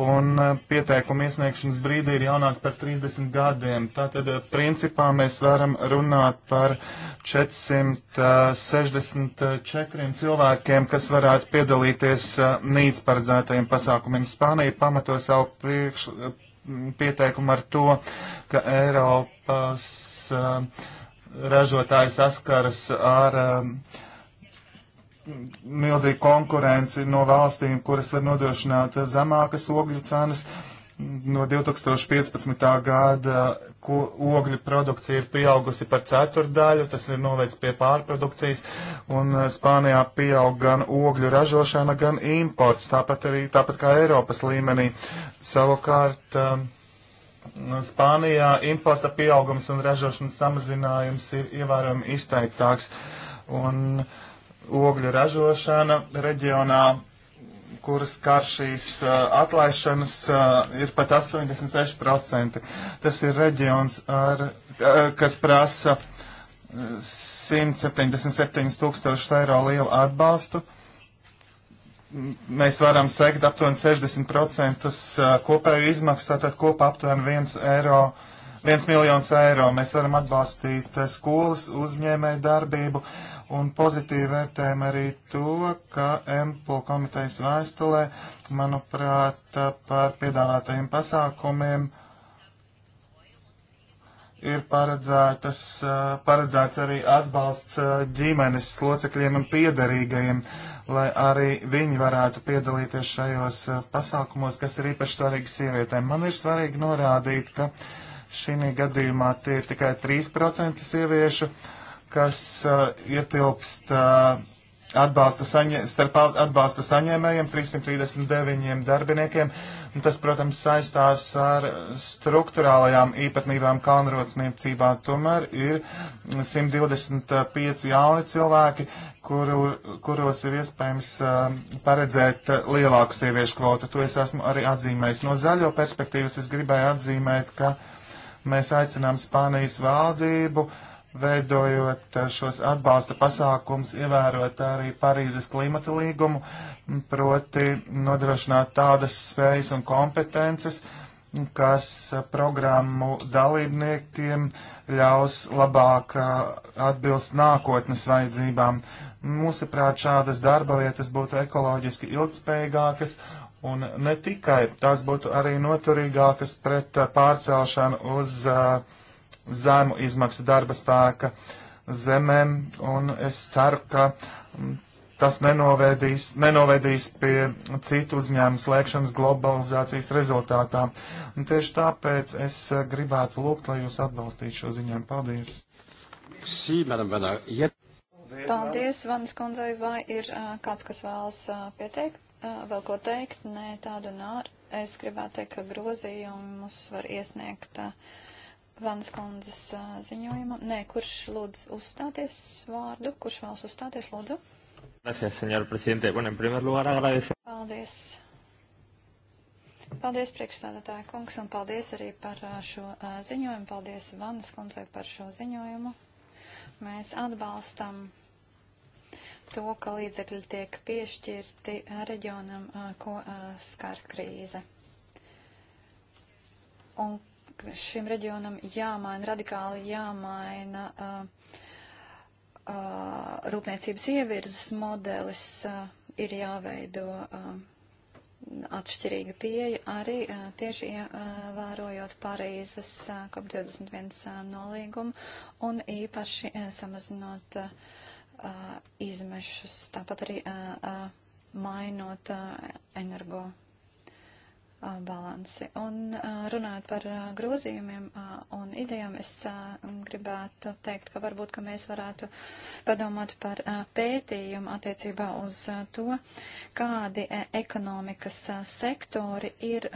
[SPEAKER 2] un eh, pieteikuma iesniegšanas brīdī ir jaunāk par 30 gadiem. Tātad, eh, principā, mēs varam runāt par 464 cilvēkiem, kas varētu piedalīties nīc paredzētajiem pasākumiem. Spānija pamato savu priekš, pieteikumu ar to, ka Eiropas uh, ražotāji saskaras ar um, milzīgu konkurenci no valstīm, kuras var nodrošināt zemākas ogļu cenas. No 2015. gada ko, ogļu produkcija ir pieaugusi par ceturdaļu, tas ir novēc pie pārprodukcijas, un Spānijā pieaug gan ogļu ražošana, gan imports, tāpat arī tāpat kā Eiropas līmenī. Savukārt. Um, Spānijā importa pieaugums un ražošanas samazinājums ir ievērojami izteiktāks. Un ogļu ražošana reģionā, kuras kar šīs uh, atlaišanas, uh, ir pat 86%. Tas ir reģions, ar, uh, kas prasa 177 uh, tūkstošu eiro lielu atbalstu. Uh, mēs varam sekt aptuveni 60% uh, kopēju izmaksu, tātad kopā aptuveni 1 eiro. 1 miljons eiro mēs varam atbalstīt uh, skolas uzņēmēju darbību un pozitīvi vērtējam arī to, ka MPL komitejas vēstulē, manuprāt, uh, par piedāvātajiem pasākumiem ir paredzētas, paredzēts arī atbalsts ģimenes locekļiem un piedarīgajiem. Uh, lai arī viņi varētu piedalīties šajos eh, pasākumos, kas ir īpaši svarīgi sievietēm. Man ir svarīgi norādīt, ka šī gadījumā tie ir tikai 3% sieviešu, kas uh, ietilpst uh, atbalsta saņē, starp atbalsta saņēmējiem, 339 darbiniekiem, Un nu, tas, protams, saistās ar struktūrālajām īpatnībām kalnrocniecībā. Tomēr ir 125 jauni cilvēki, kuru, kuros ir iespējams uh, paredzēt lielāku sieviešu kvotu. To es esmu arī atzīmējis. No zaļo perspektīvas es gribēju atzīmēt, ka mēs aicinām Spānijas valdību uh, veidojot eh, šos atbalsta pasākums, ievērot arī Parīzes klimata līgumu, proti nodrošināt tādas spējas un kompetences, kas eh, programmu dalībniekiem ļaus labāk eh, atbilst nākotnes vajadzībām. Mūsuprāt, šādas darba vietas būtu ekoloģiski ilgspējīgākas un ne tikai, tās būtu arī noturīgākas pret pārcelšanu uz uh, zemu izmaksu darba spēka zemēm, un es ceru, ka mm, tas nenovēdīs, nenovēdīs pie citu uzņēmumu slēgšanas globalizācijas rezultātā. Un tieši tāpēc es eh, gribētu lūgt, lai jūs atbalstītu šo ziņojumu. Paldies!
[SPEAKER 3] Sī, madam, vadā, ja... Paldies, Vanas kundzei, vai ir uh, kāds, kas vēlas uh, pieteikt, uh, vēl ko teikt? Nē, tādu nav. Es gribētu teikt, ka grozījumus var iesniegt. Uh, Vanas kundzes ziņojumam. Nē, kurš lūdz uzstāties vārdu? Kurš vēlas uzstāties, lūdzu?
[SPEAKER 4] Gracias,
[SPEAKER 2] señor presidente. Bueno, en primer lugar, agradecer.
[SPEAKER 3] Paldies. Paldies, priekšstādātāja kungs, un paldies arī par šo uh, ziņojumu. Paldies Vanas kundzei par šo ziņojumu. Mēs atbalstam to, ka līdzekļi tiek piešķirti reģionam, uh, ko uh, skar krīze. Un ka šim reģionam jāmaina radikāli, jāmaina uh, uh, rūpniecības ievirzes modelis, uh, ir jāveido uh, atšķirīga pieeja arī uh, tieši ievērojot uh, Parīzes uh, COP21 uh, nolīgumu un īpaši uh, samazinot uh, izmešus, tāpat arī uh, uh, mainot uh, energo balansi. Un runājot par grozījumiem un idejām, es gribētu teikt, ka varbūt, ka mēs varētu padomāt par pētījumu attiecībā uz to, kādi ekonomikas sektori ir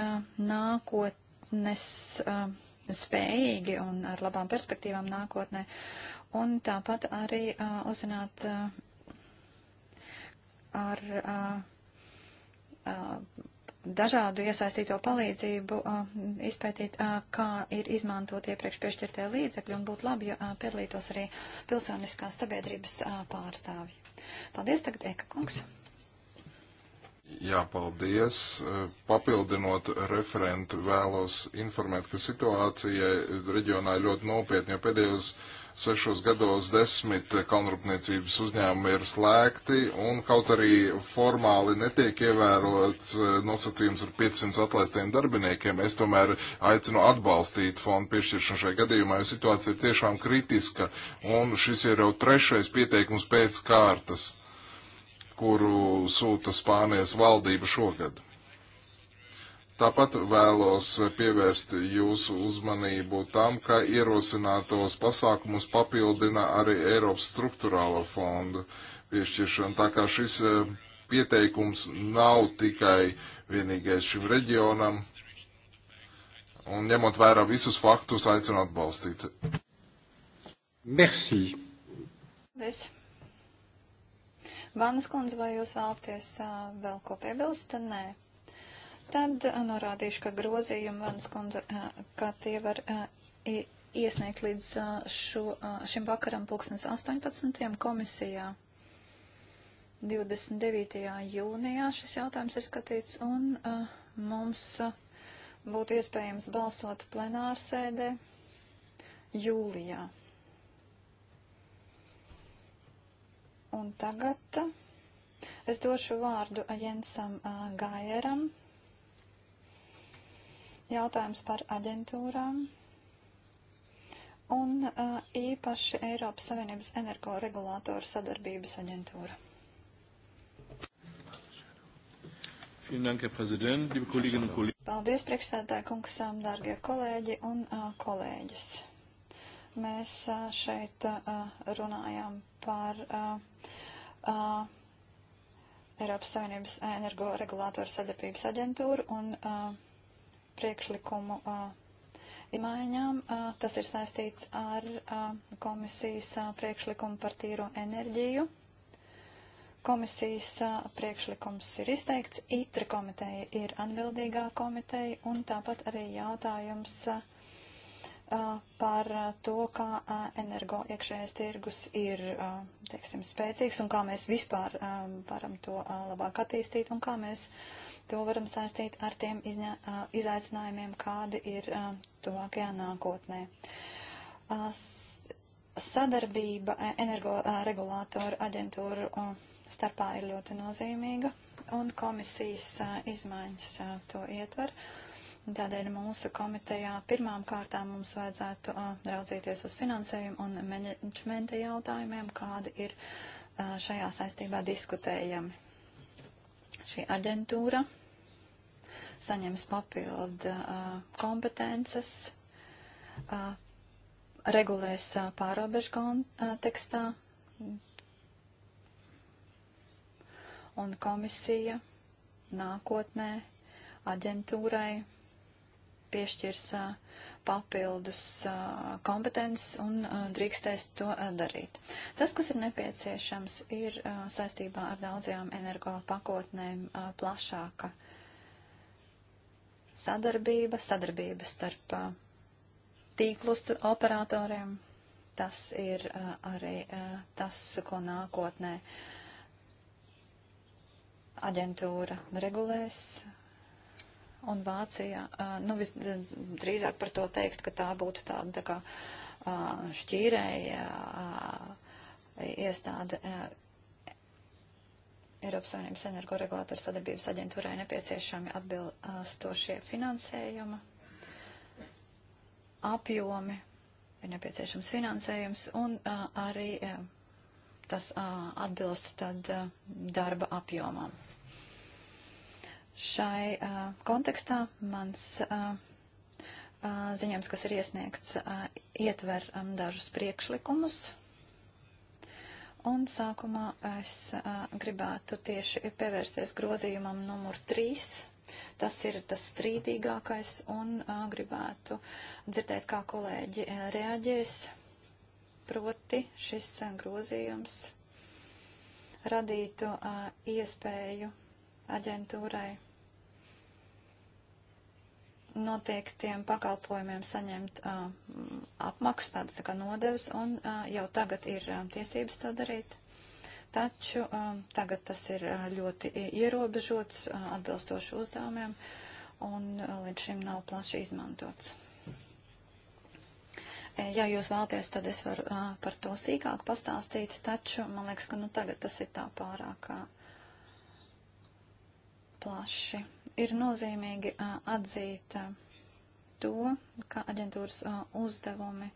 [SPEAKER 3] nākotnes spējīgi un ar labām perspektīvām nākotnē. Un tāpat arī uzzināt ar dažādu iesaistīto palīdzību izpētīt, kā ir izmantot iepriekš piešķirtie līdzekļi un būtu labi, ja piedalītos arī pilsoniskās sabiedrības pārstāvji. Paldies, tagad Eka kungs.
[SPEAKER 4] Jā, paldies. E, papildinot referentu, vēlos informēt, ka situācija reģionā ir ļoti nopietna, jo pēdējos Sešos gados desmit kalnrūpniecības uzņēmumi ir slēgti, un kaut arī formāli netiek ievērots eh, nosacījums ar 500 atlaistiem darbiniekiem, es tomēr aicinu atbalstīt fondu piešķiršanu šajā gadījumā, jo situācija ir tiešām kritiska, un šis ir jau trešais pieteikums pēc kārtas, kuru sūta Spānijas valdība šogad. Tāpat vēlos pievērst jūsu uzmanību tam, ka ierosinātos pasākumus papildina arī Eiropas struktūrālo fondu piešķiršana. Tā kā šis e, pieteikums nav tikai vienīgais šim reģionam, un ņemot vērā visus faktus, aicinu atbalstīt. Merci.
[SPEAKER 3] Paldies. Vanas kundze, vai jūs vēlaties uh, vēl ko piebilst? Nē. Tad eh, norādīšu, ka grozījumi, Vanas kundze, eh, ka tie var eh, iesniegt līdz šo, šim vakaram pulkstens 18. komisijā. 29. jūnijā šis jautājums ir skatīts, un mums būtu iespējams balsot plenārsēdē jūlijā. Un tagad es došu vārdu Jensam Gājeram, jautājums par aģentūrām un uh, īpaši Eiropas Savienības energoregulātoru sadarbības aģentūra. Paldies, priekšstādāja kungs, dārgie kolēģi un uh, kolēģis. Mēs uh, šeit uh, runājām par Eiropas Savienības energoregulātoru sadarbības aģentūru un uh, priekšlikumu maiņām. Tas ir saistīts ar komisijas priekšlikumu par tīro enerģiju. Komisijas priekšlikums ir izteikts, ITRA komiteja ir atbildīgā komiteja un tāpat arī jautājums par to, kā energo iekšējais tirgus ir, teiksim, spēcīgs un kā mēs vispār varam to labāk attīstīt un kā mēs to varam saistīt ar tiem izņa, izaicinājumiem, kādi ir tuvākajā nākotnē. Sadarbība e, energoregulātoru aģentūru starpā ir ļoti nozīmīga, un komisijas izmaiņas to ietver. Tādēļ mūsu komitejā pirmām kārtām mums vajadzētu raudzīties uz finansējumu un menedžmenta jautājumiem, kādi ir šajā saistībā diskutējami šī aģentūra saņems papildu kompetences, regulēs pārobežu kontekstā, un komisija nākotnē aģentūrai piešķirs uh, papildus kompetences un drīkstēs to darīt. Tas, kas ir nepieciešams, ir saistībā ar daudzajām energo pakotnēm plašāka sadarbība, sadarbība starp tīklus operatoriem. Tas ir arī tas, ko nākotnē aģentūra regulēs un Vācijā, nu visdrīzāk par to teikt, ka tā būtu tāda tā kā šķīrēja iestāde. Eiropas Savienības energoregulātora sadarbības aģentūrai nepieciešami atbilstošie finansējuma apjomi, ir nepieciešams finansējums un uh, arī uh, tas uh, atbilst tad uh, darba apjomām. Šai uh, kontekstā mans uh, uh, ziņojums, kas ir iesniegts, uh, ietver um, dažus priekšlikumus. Un sākumā es uh, gribētu tieši pievērsties grozījumam numur 3. Tas ir tas strīdīgākais un uh, gribētu dzirdēt, kā kolēģi uh, reaģēs. Proti šis uh, grozījums radītu uh, iespēju aģentūrai noteiktiem pakalpojumiem saņemt uh, apmaksu, tādas tā kā nodevas, un uh, jau tagad ir uh, tiesības to darīt. Taču uh, tagad tas ir uh, ļoti ierobežots, uh, atbilstoši uzdevumiem, un uh, līdz šim nav plaši izmantots. Ja jūs vēlaties, tad es varu uh, par to sīkāk pastāstīt, taču man liekas, ka nu tagad tas ir tā pārāk uh, plaši. Ir nozīmīgi atzīt to, ka aģentūras uzdevumi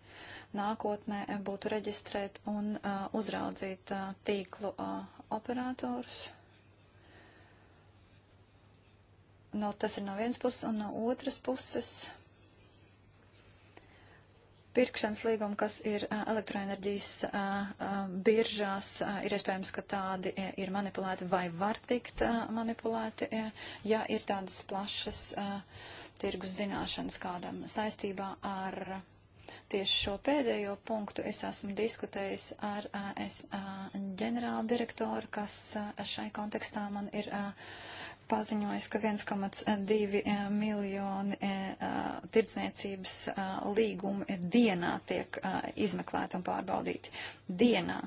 [SPEAKER 3] nākotnē būtu reģistrēt un uzraudzīt tīklu operators. No, tas ir no vienas puses, un no otras puses pirkšanas līgumi, kas ir elektroenerģijas biržās, ir iespējams, ka tādi ir manipulēti vai var tikt manipulēti, ja ir tādas plašas tirgus zināšanas kādam saistībā ar. Tieši šo pēdējo punktu es esmu diskutējis ar es, ģenerāla direktoru, kas šai kontekstā man ir. A, paziņojis, ka 1,2 eh, miljoni eh, eh, tirdzniecības līgumi dienā tiek izmeklēti un pārbaudīti. Dienā.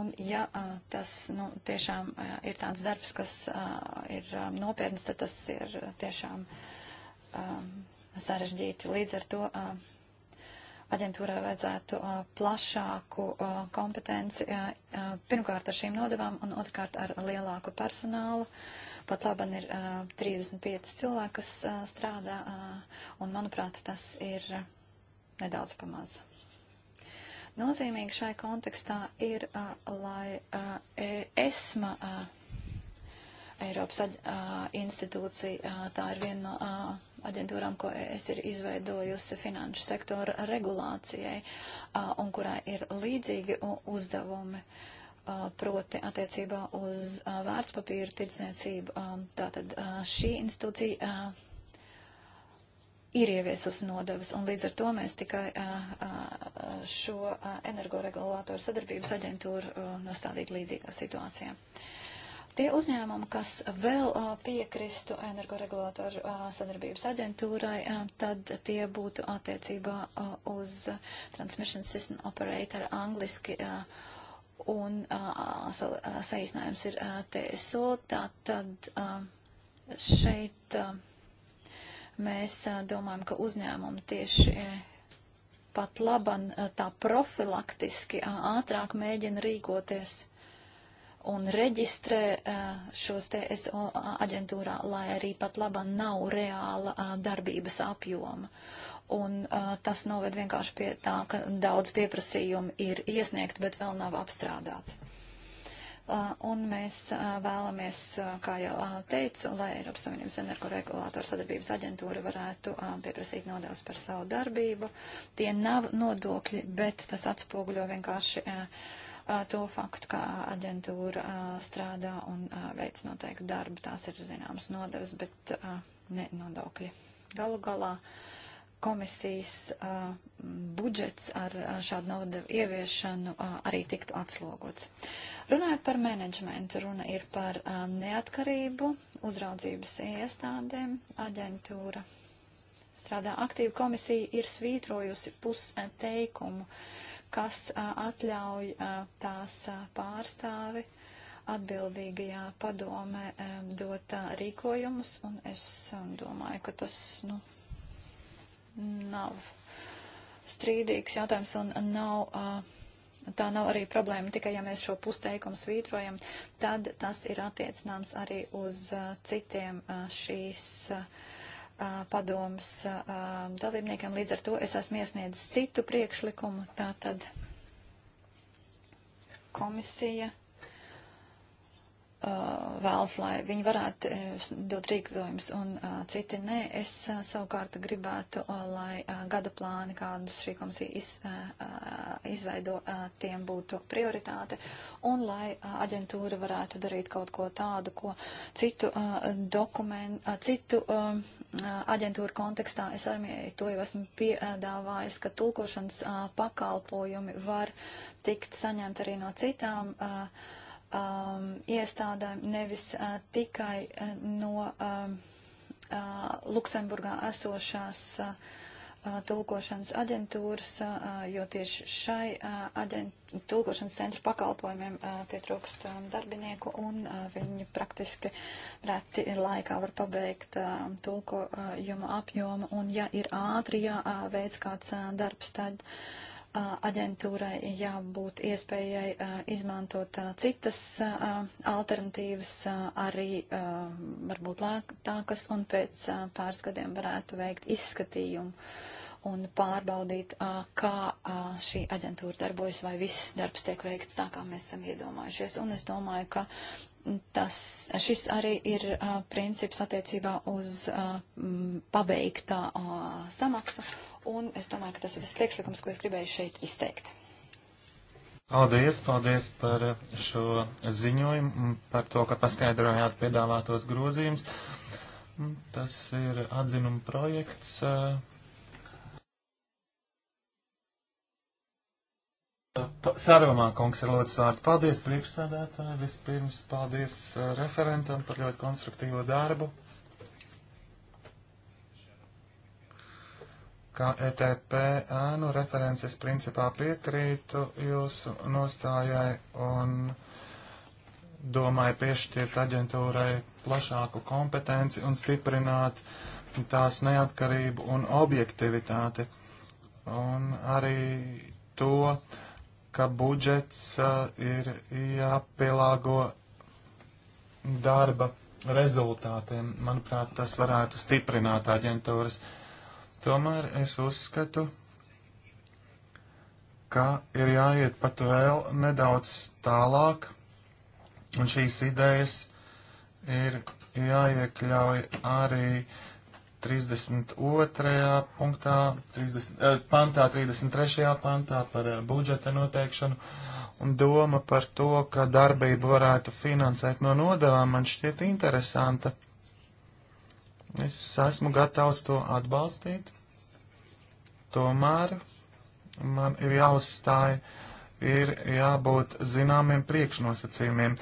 [SPEAKER 3] Un ja tas nu, tiešām ir tāds darbs, kas ir nopietns, tad tas ir tiešām sarežģīti. Līdz ar to aģentūrai vajadzētu a, plašāku a, kompetenci, a, pirmkārt ar šīm nodevām un otrkārt ar lielāku personālu. Uh, Pat laban ir uh, 35 cilvēki, kas uh, strādā, uh, un manuprāt, tas ir nedaudz pamaz. Nozīmīgi šai kontekstā ir, uh, lai uh, ESMA, uh, Eiropas aģ, uh, institūcija, uh, tā ir viena no. Uh, aģentūrām, ko es ir izveidojusi finanšu sektora regulācijai a, un kurā ir līdzīgi uzdevumi. Uh, proti attiecībā uz vērtspapīru tirdzniecību. Tātad šī institūcija ir ieviesusi nodevas, un līdz ar to mēs tikai šo energoregulātoru sadarbības aģentūru nostādīt līdzīgā situācijā. Tie uzņēmumi, kas vēl piekristu energoregulātoru sadarbības aģentūrai, tad tie būtu attiecībā uz Transmission System Operator angliski. Uh, un uh, sa, uh, saīsinājums ir uh, TSO, tātad uh, šeit uh, mēs uh, domājam, ka uzņēmumi tieši uh, pat laban uh, tā profilaktiski uh, ātrāk mēģina rīkoties un reģistrē uh, šos TSO aģentūrā, lai arī pat laban nav reāla uh, darbības apjoma. Uh, Un uh, tas noved vienkārši pie tā, ka daudz pieprasījumu ir iesniegt, bet vēl nav apstrādāti. Uh, un mēs uh, vēlamies, uh, kā jau uh, teicu, lai Eiropas Savienības energoregulātora sadarbības aģentūra varētu uh, pieprasīt nodevs par savu darbību. Tie nav nodokļi, bet tas atspoguļo vienkārši. Uh, to faktu, kā aģentūra strādā un veic noteiktu darbu. Tās ir zināmas nodevas, bet ne nodokļi. Galu galā komisijas uh, budžets ar uh, šādu naudu ieviešanu uh, arī tiktu atslogots. Runājot par menedžmentu, runa ir par uh, neatkarību, uzraudzības iestādēm, aģentūra strādā aktīvi. Komisija ir svītrojusi pusteikumu, kas uh, atļauj uh, tās uh, pārstāvi atbildīgajā padomē um, dot uh, rīkojumus, un es um, domāju, ka tas, nu, nav strīdīgs jautājums un nav. Uh, tā nav arī problēma, tikai ja mēs šo pusteikumu svītrojam, tad tas ir attiecināms arī uz uh, citiem uh, šīs uh, padomas dalībniekiem. Līdz ar to es esmu iesniedzis citu priekšlikumu, tā tad komisija vēlas, lai viņi varētu dot rīkojumus un citi nē. Es savukārt gribētu, lai gada plāni, kādus šī komisija iz, izveido, tiem būtu prioritāte un lai aģentūra varētu darīt kaut ko tādu, ko citu dokumentu, citu aģentūru kontekstā es armijai to jau esmu piedāvājis, ka tulkošanas pakalpojumi var tikt saņemt arī no citām. Uh, um, iestādēm, nevis uh, tikai uh, no um, uh, Luksemburgā esošās uh, uh tulkošanas aģentūras, uh, uh, jo tieši šai uh, aģent, tulkošanas centra pakalpojumiem uh, pietrūkst um, darbinieku, un uh, viņi praktiski reti laikā var pabeigt uh, tulkojuma apjomu, un ja ir ātri jāveic uh, kāds uh, darbs, tad. Uh, aģentūrai jābūt iespējai izmantot citas alternatīvas, arī varbūt lētākas, un pēc pāris gadiem varētu veikt izskatījumu un pārbaudīt, kā šī aģentūra darbojas, vai viss darbs tiek veikts tā, kā mēs esam iedomājušies. Un es domāju, ka tas, šis arī ir princips attiecībā uz pabeigtā samaksu un es domāju, ka tas ir tas priekšlikums, ko es gribēju šeit izteikt.
[SPEAKER 2] Paldies, paldies par šo ziņojumu, par to, ka paskaidrojāt piedāvātos grozījumus. Tas ir atzinuma projekts. Sārumā kungs ir lūdzu vārdu. Paldies priekšsēdētāji, vispirms paldies referentam par ļoti konstruktīvo darbu. kā ETP ēnu references principā piekrītu jūsu nostājai un domāju piešķirt aģentūrai plašāku kompetenci un stiprināt tās neatkarību un objektivitāti. Un arī to, ka budžets uh, ir jāpielāgo darba rezultātiem. Manuprāt, tas varētu stiprināt aģentūras uh, Tomēr es uzskatu, ka ir jāiet pat vēl nedaudz tālāk, un šīs idejas ir jāiekļauj arī 32. punktā, 30, eh, pantā, 33. pantā par eh, budžeta noteikšanu, un doma par to, ka darbību varētu finansēt no nodevām, man šķiet interesanta. Es esmu gatavs to atbalstīt. Tomēr man ir jāuzstāj, ir jābūt zināmiem priekšnosacījumiem.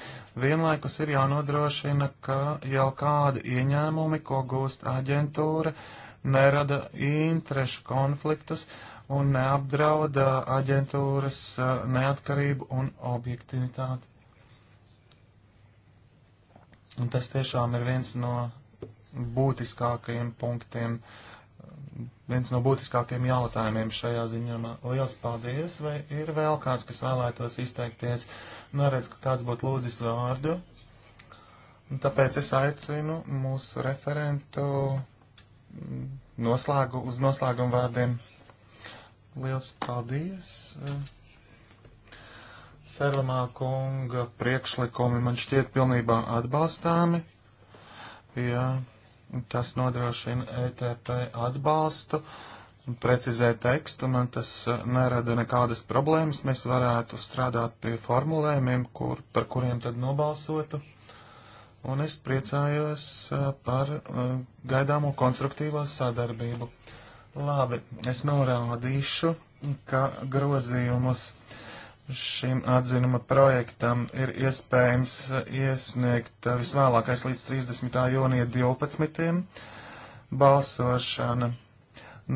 [SPEAKER 2] Vienlaikus ir jānodrošina, ka jau kādi ieņēmumi, ko gūst aģentūra, nerada interešu konfliktus un neapdrauda aģentūras uh, neatkarību un objektivitāti. Un tas tiešām ir viens no būtiskākajiem punktiem. Uh, viens no būtiskākiem jautājumiem šajā ziņā. Liels paldies, vai ir vēl kāds, kas vēlētos izteikties? Neredz, nu, ka kāds būtu lūdzis vārdu. Tāpēc es aicinu mūsu referentu mm, noslēgu, uz noslēgumu vārdiem. Liels paldies! Serlamā kunga priekšlikumi man šķiet pilnībā atbalstāmi. Jā. Ja Tas nodrošina ETP atbalstu, precizē tekstu, man tas eh, nerada nekādas problēmas. Mēs varētu strādāt pie formulējumiem, kur, par kuriem tad nobalsotu. Un es priecājos eh, par eh, gaidāmo konstruktīvo sadarbību. Labi, es norādīšu, ka grozījumus. Uh, šim atzinuma projektam ir iespējams iesniegt visvēlākais līdz 30. jūnija 12. Balsošana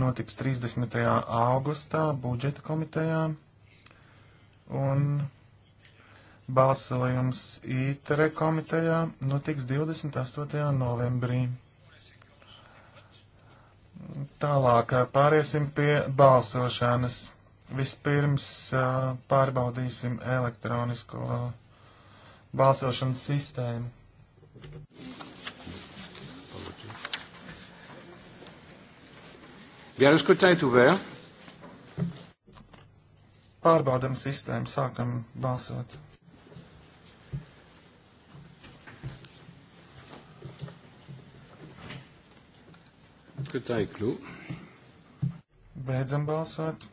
[SPEAKER 2] notiks 30. augustā budžeta komitejā un balsojums ITRE komitejā notiks 28. novembrī. Tālāk pāriesim pie balsošanas. Vispirms pārbaudīsim elektronisko balsošanas sistēmu.
[SPEAKER 3] Bien, le scrutin est ouvert.
[SPEAKER 2] Pārbaudam sistēmu, sākam balsot.
[SPEAKER 4] Scrutin est clos.
[SPEAKER 2] Beidzam balsot.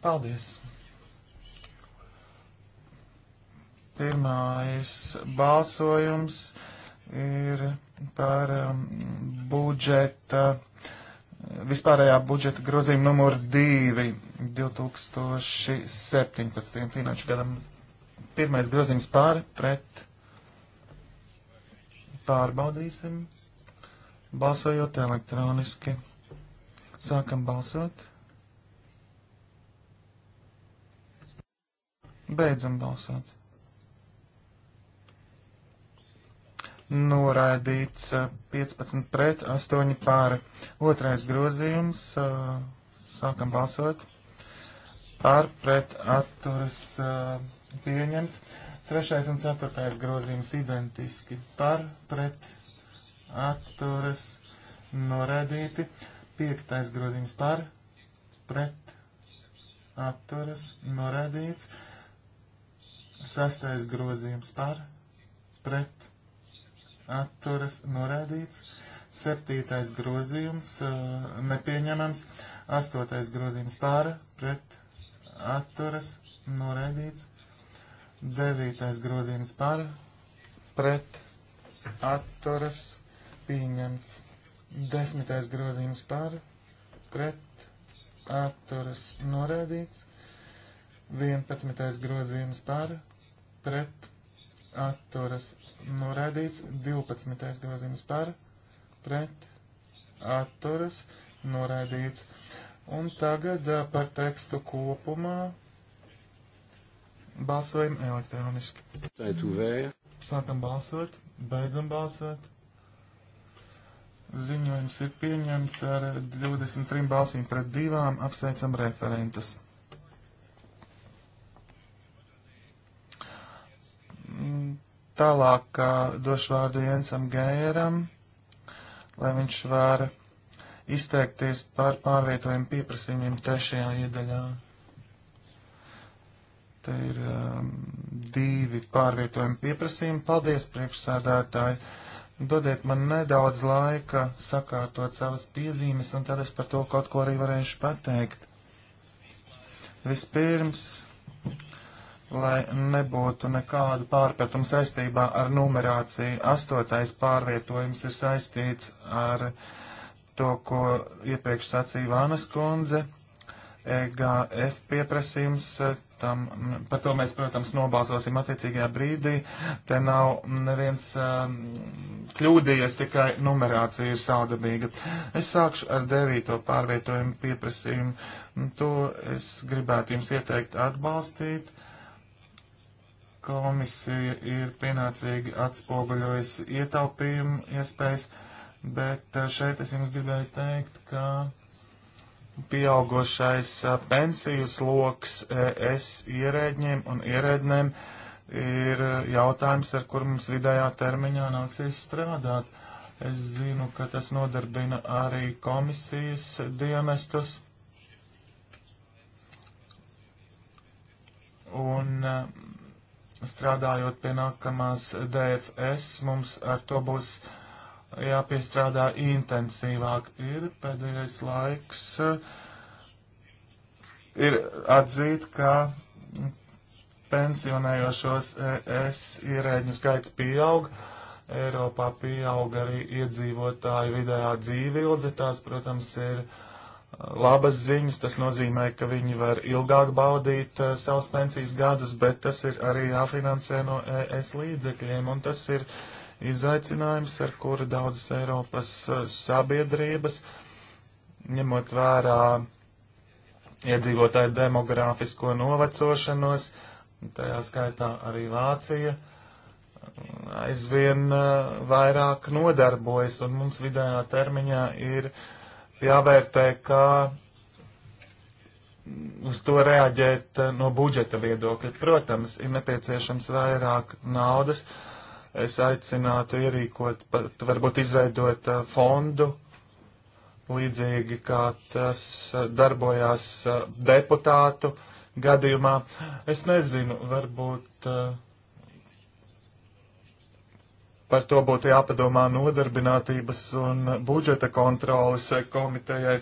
[SPEAKER 2] Paldies! Pirmais balsojums ir par um, budžeta, vispārējā budžeta grozījuma numur 2 2017. finanšu gadam. Pirmais grozījums pāri pret pārbaudīsim, balsojot elektroniski. Sākam balsot. Beidzam balsot. Noraidīts 15 eh, pret, 8 pāri. Otrais grozījums. Eh, sākam balsot. Pār pret atturas eh, pieņemts. Trešais un ceturtais grozījums identiski. Par pret atturas noraidīti. Piektais grozījums par pret atturas noraidīts. Sastais grozījums par, pret, atturas norādīts. Septītais grozījums uh, nepieņemams. Astotais grozījums par, pret, atturas norādīts. Devītais grozījums par, pret, atturas pieņemts. Desmitais grozījums par, pret, atturas norādīts. 11. grozījums par pret atturas norādīts, 12. grozījums par pret atturas norādīts. Un tagad par tekstu kopumā balsojam elektroniski.
[SPEAKER 4] Tā ir tuvēja.
[SPEAKER 2] Sākam balsot, beidzam balsot. Ziņojums ir pieņemts ar 23 balsīm pret divām, apsveicam referentus. Tālāk došu vārdu Jensam Gēram, lai viņš var izteikties par pārvietojumu pieprasījumiem trešajā iedaļā. Te ir um, divi pārvietojumi pieprasījumi. Paldies, priekšsēdētāji! Dodiet man nedaudz laika sakārtot savas piezīmes, un tad es par to kaut ko arī varēšu pateikt. Vispirms lai nebūtu nekādu pārpratumu saistībā ar numerāciju. Astotais pārvietojums ir saistīts ar to, ko iepriekš sacīja Vānas kundze. EGF pieprasījums, eh, tam, par to mēs, protams, nobalsosim attiecīgajā brīdī. Te nav neviens um, kļūdījies, tikai numerācija ir saudabīga. Es sākšu ar devīto pārvietojumu pieprasījumu. To es gribētu jums ieteikt atbalstīt. Uh, komisija ir pienācīgi atspoguļojusi ietaupījumu iespējas, bet eh, šeit es jums gribēju teikt, ka pieaugošais eh, pensiju sloks eh, es ierēģiem un ierēdnēm ir jautājums, ar kur mums vidējā termiņā nāksies strādāt. Es zinu, ka tas nodarbina arī komisijas dienestus. Un uh, strādājot pie nākamās DFS, mums ar to būs jāpiestrādā intensīvāk. Ir pēdējais laiks, ir atzīt, ka pensionējošos ES ierēģņu skaits pieaug. Eiropā pieaug arī iedzīvotāju vidējā dzīve ilgi. Tās, protams, ir labas ziņas. Tas nozīmē, ka viņi var ilgāk baudīt uh, eh, savus pensijas gadus, bet tas ir arī jāfinansē no ES līdzekļiem. Un tas ir izaicinājums, ar kuru daudzas Eiropas uh, sabiedrības, ņemot vērā iedzīvotāju demogrāfisko novecošanos, tajā skaitā arī Vācija, aizvien uh, vairāk nodarbojas, un mums vidējā termiņā ir uh, jāvērtē, kā uz to reaģēt no budžeta viedokļa. Protams, ir nepieciešams vairāk naudas. Es aicinātu ierīkot, pat varbūt izveidot uh, fondu, līdzīgi kā tas uh, darbojās uh, deputātu gadījumā. Es nezinu, varbūt. Uh, Par to būtu jāpadomā nodarbinātības un budžeta kontrolas komitejai.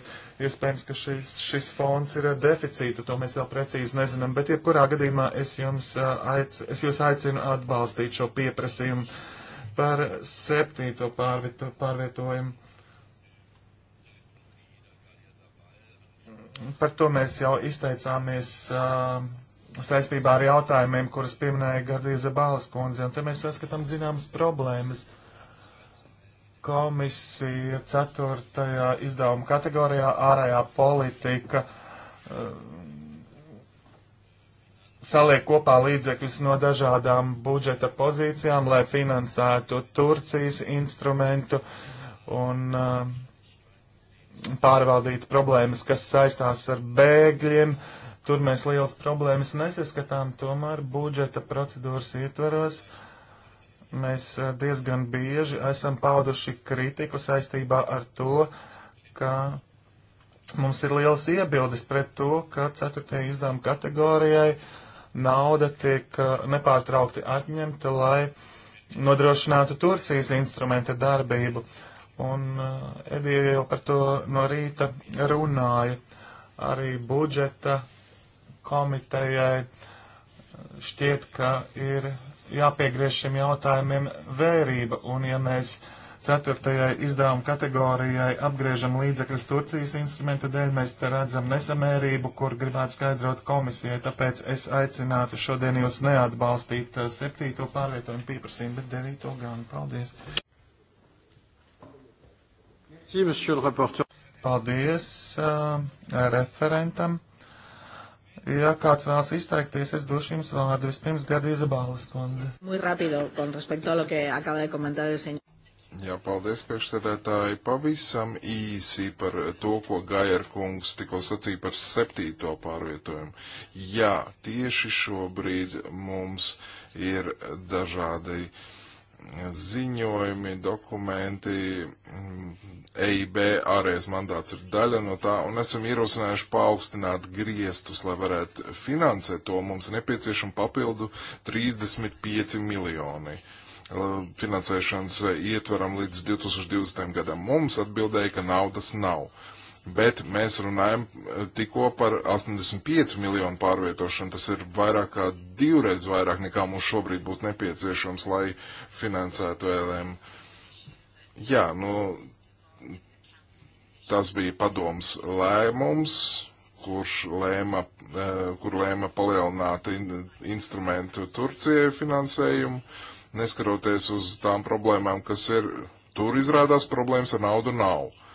[SPEAKER 2] Iespējams, ka šis, šis fonds ir deficīta, to mēs vēl precīzi nezinām, bet jebkurā gadījumā es, jums, aic, es jūs aicinu atbalstīt šo pieprasījumu par septīto pārvieto, pārvietojumu. Par to mēs jau izteicāmies. Uh, saistībā ar jautājumiem, kurus pieminēja Gardīza Balas kundze, un te mēs saskatām zināmas problēmas. Komisija ceturtajā izdevuma kategorijā ārējā politika eh, saliek kopā līdzekļus no dažādām budžeta pozīcijām, lai finansētu Turcijas instrumentu un uh, eh, pārvaldītu problēmas, kas saistās ar bēgļiem, uh, Tur mēs liels problēmas nesaskatām, tomēr budžeta procedūras ietveros mēs e, diezgan bieži esam pauduši kritiku saistībā ar to, ka mums ir liels iebildes pret to, ka ceturtajai izdevuma kategorijai nauda tiek e, nepārtraukti atņemta, lai nodrošinātu Turcijas instrumenta darbību. Un e, Edija jau par to no rīta runāja. Arī budžeta komitejai šķiet, ka ir jāpiegriež šiem jautājumiem vērība, un ja mēs ceturtajai izdevuma kategorijai apgriežam līdzekļus Turcijas instrumenta dēļ, mēs te redzam nesamērību, kur gribētu skaidrot komisijai, tāpēc es aicinātu šodien jūs neatbalstīt uh, septīto pārvietojumu pieprasījumu, bet devīto gan. Paldies! Paldies uh, referentam. Ja kāds vēlas izteikties, es došu jums vārdu. Vispirms gada Izabalas kundze.
[SPEAKER 1] Muy rápido, con respecto a lo que acaba de comentar el señor.
[SPEAKER 4] Jā, paldies, priekšsēdētāji. Pavisam īsi par to, ko Gajer kungs tikko sacīja par septīto pārvietojumu. Jā, tieši šobrīd mums ir dažādi uh, ziņojumi, dokumenti, EIB ārējais mandāts ir daļa no tā, un esam ierosinājuši paaugstināt griestus, lai varētu finansēt to. Mums ir nepieciešama papildu 35 miljoni uh, finansēšanas ietveram līdz 2020. gadam. Mums atbildēja, ka naudas nav. Uh, bet mēs runājam eh, tikko par 85 miljonu pārvietošanu. Tas ir vairāk kā divreiz vairāk nekā mums šobrīd būtu nepieciešams, lai finansētu ELM. Jā, nu, tas bija padoms lēmums, kurš lēma, eh, kur lēma palielināt in, instrumentu Turcijai finansējumu, neskaroties uz tām problēmām, kas ir. Tur izrādās problēmas ar naudu nav. Uh,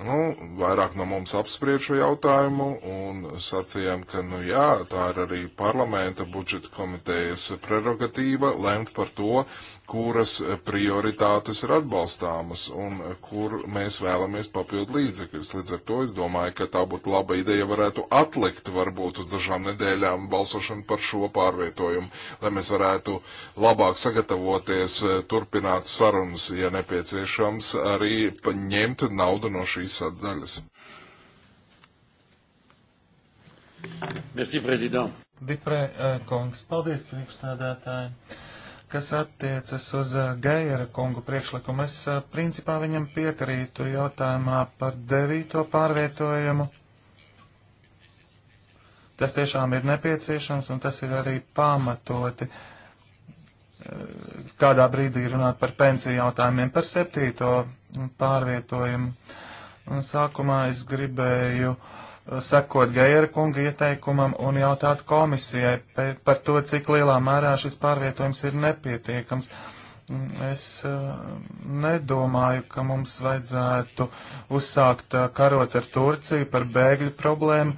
[SPEAKER 4] Nu, vairāk no mums apspriež šo jautājumu un sacījām, ka, nu jā, tā ir arī parlamenta budžeta komitejas prerogatīva lemt par to, kuras prioritātes ir atbalstāmas un kur mēs vēlamies papildu līdzekļus. Līdz ar to es domāju, ka tā būtu laba ideja, varētu atlikt varbūt uz dažām nedēļām balsošanu par šo pārvietojumu, lai mēs varētu labāk sagatavoties, turpināt sarunas, ja nepieciešams, arī ņemt naudu no šīs sadaļas. Merci, prezident.
[SPEAKER 2] Diprē, eh, kungs, paldies priekšsēdētāji. Kas attiecas uz Geira kungu priekšlikumu, es principā viņam piekrītu jautājumā par devīto pārvietojumu. Tas tiešām ir nepieciešams un tas ir arī pamatoti. Kādā brīdī runāt par pensiju jautājumiem, par septīto pārvietojumu. Un sākumā es gribēju uh, sekot Geira kunga ieteikumam un jautāt komisijai par to, cik lielā mērā šis pārvietojums ir nepietiekams. Uh, Es eh, nedomāju, ka mums vajadzētu uzsākt eh, karot ar Turciju par bēgļu problēmu,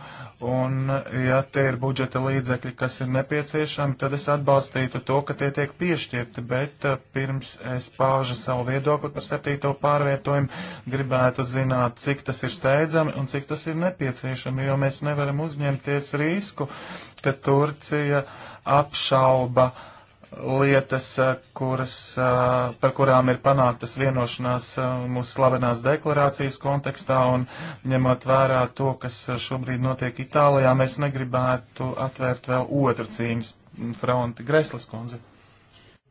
[SPEAKER 2] un ja tie ir budžeta līdzekļi, kas ir nepieciešami, tad es atbalstītu to, ka tie tiek piešķirti, bet eh, pirms es paužu savu viedokli par septīto pārvietojumu, gribētu zināt, cik tas ir steidzami un cik tas ir nepieciešami, jo mēs nevaram uzņemties risku, ka Turcija apšauba uh, lietas, eh, kuras, eh, par kurām ir panāktas vienošanās eh, mūsu slavenās deklarācijas kontekstā un ņemot vērā to, kas šobrīd notiek Itālijā, mēs negribētu atvērt vēl otru cīņas fronti Greslas kundze.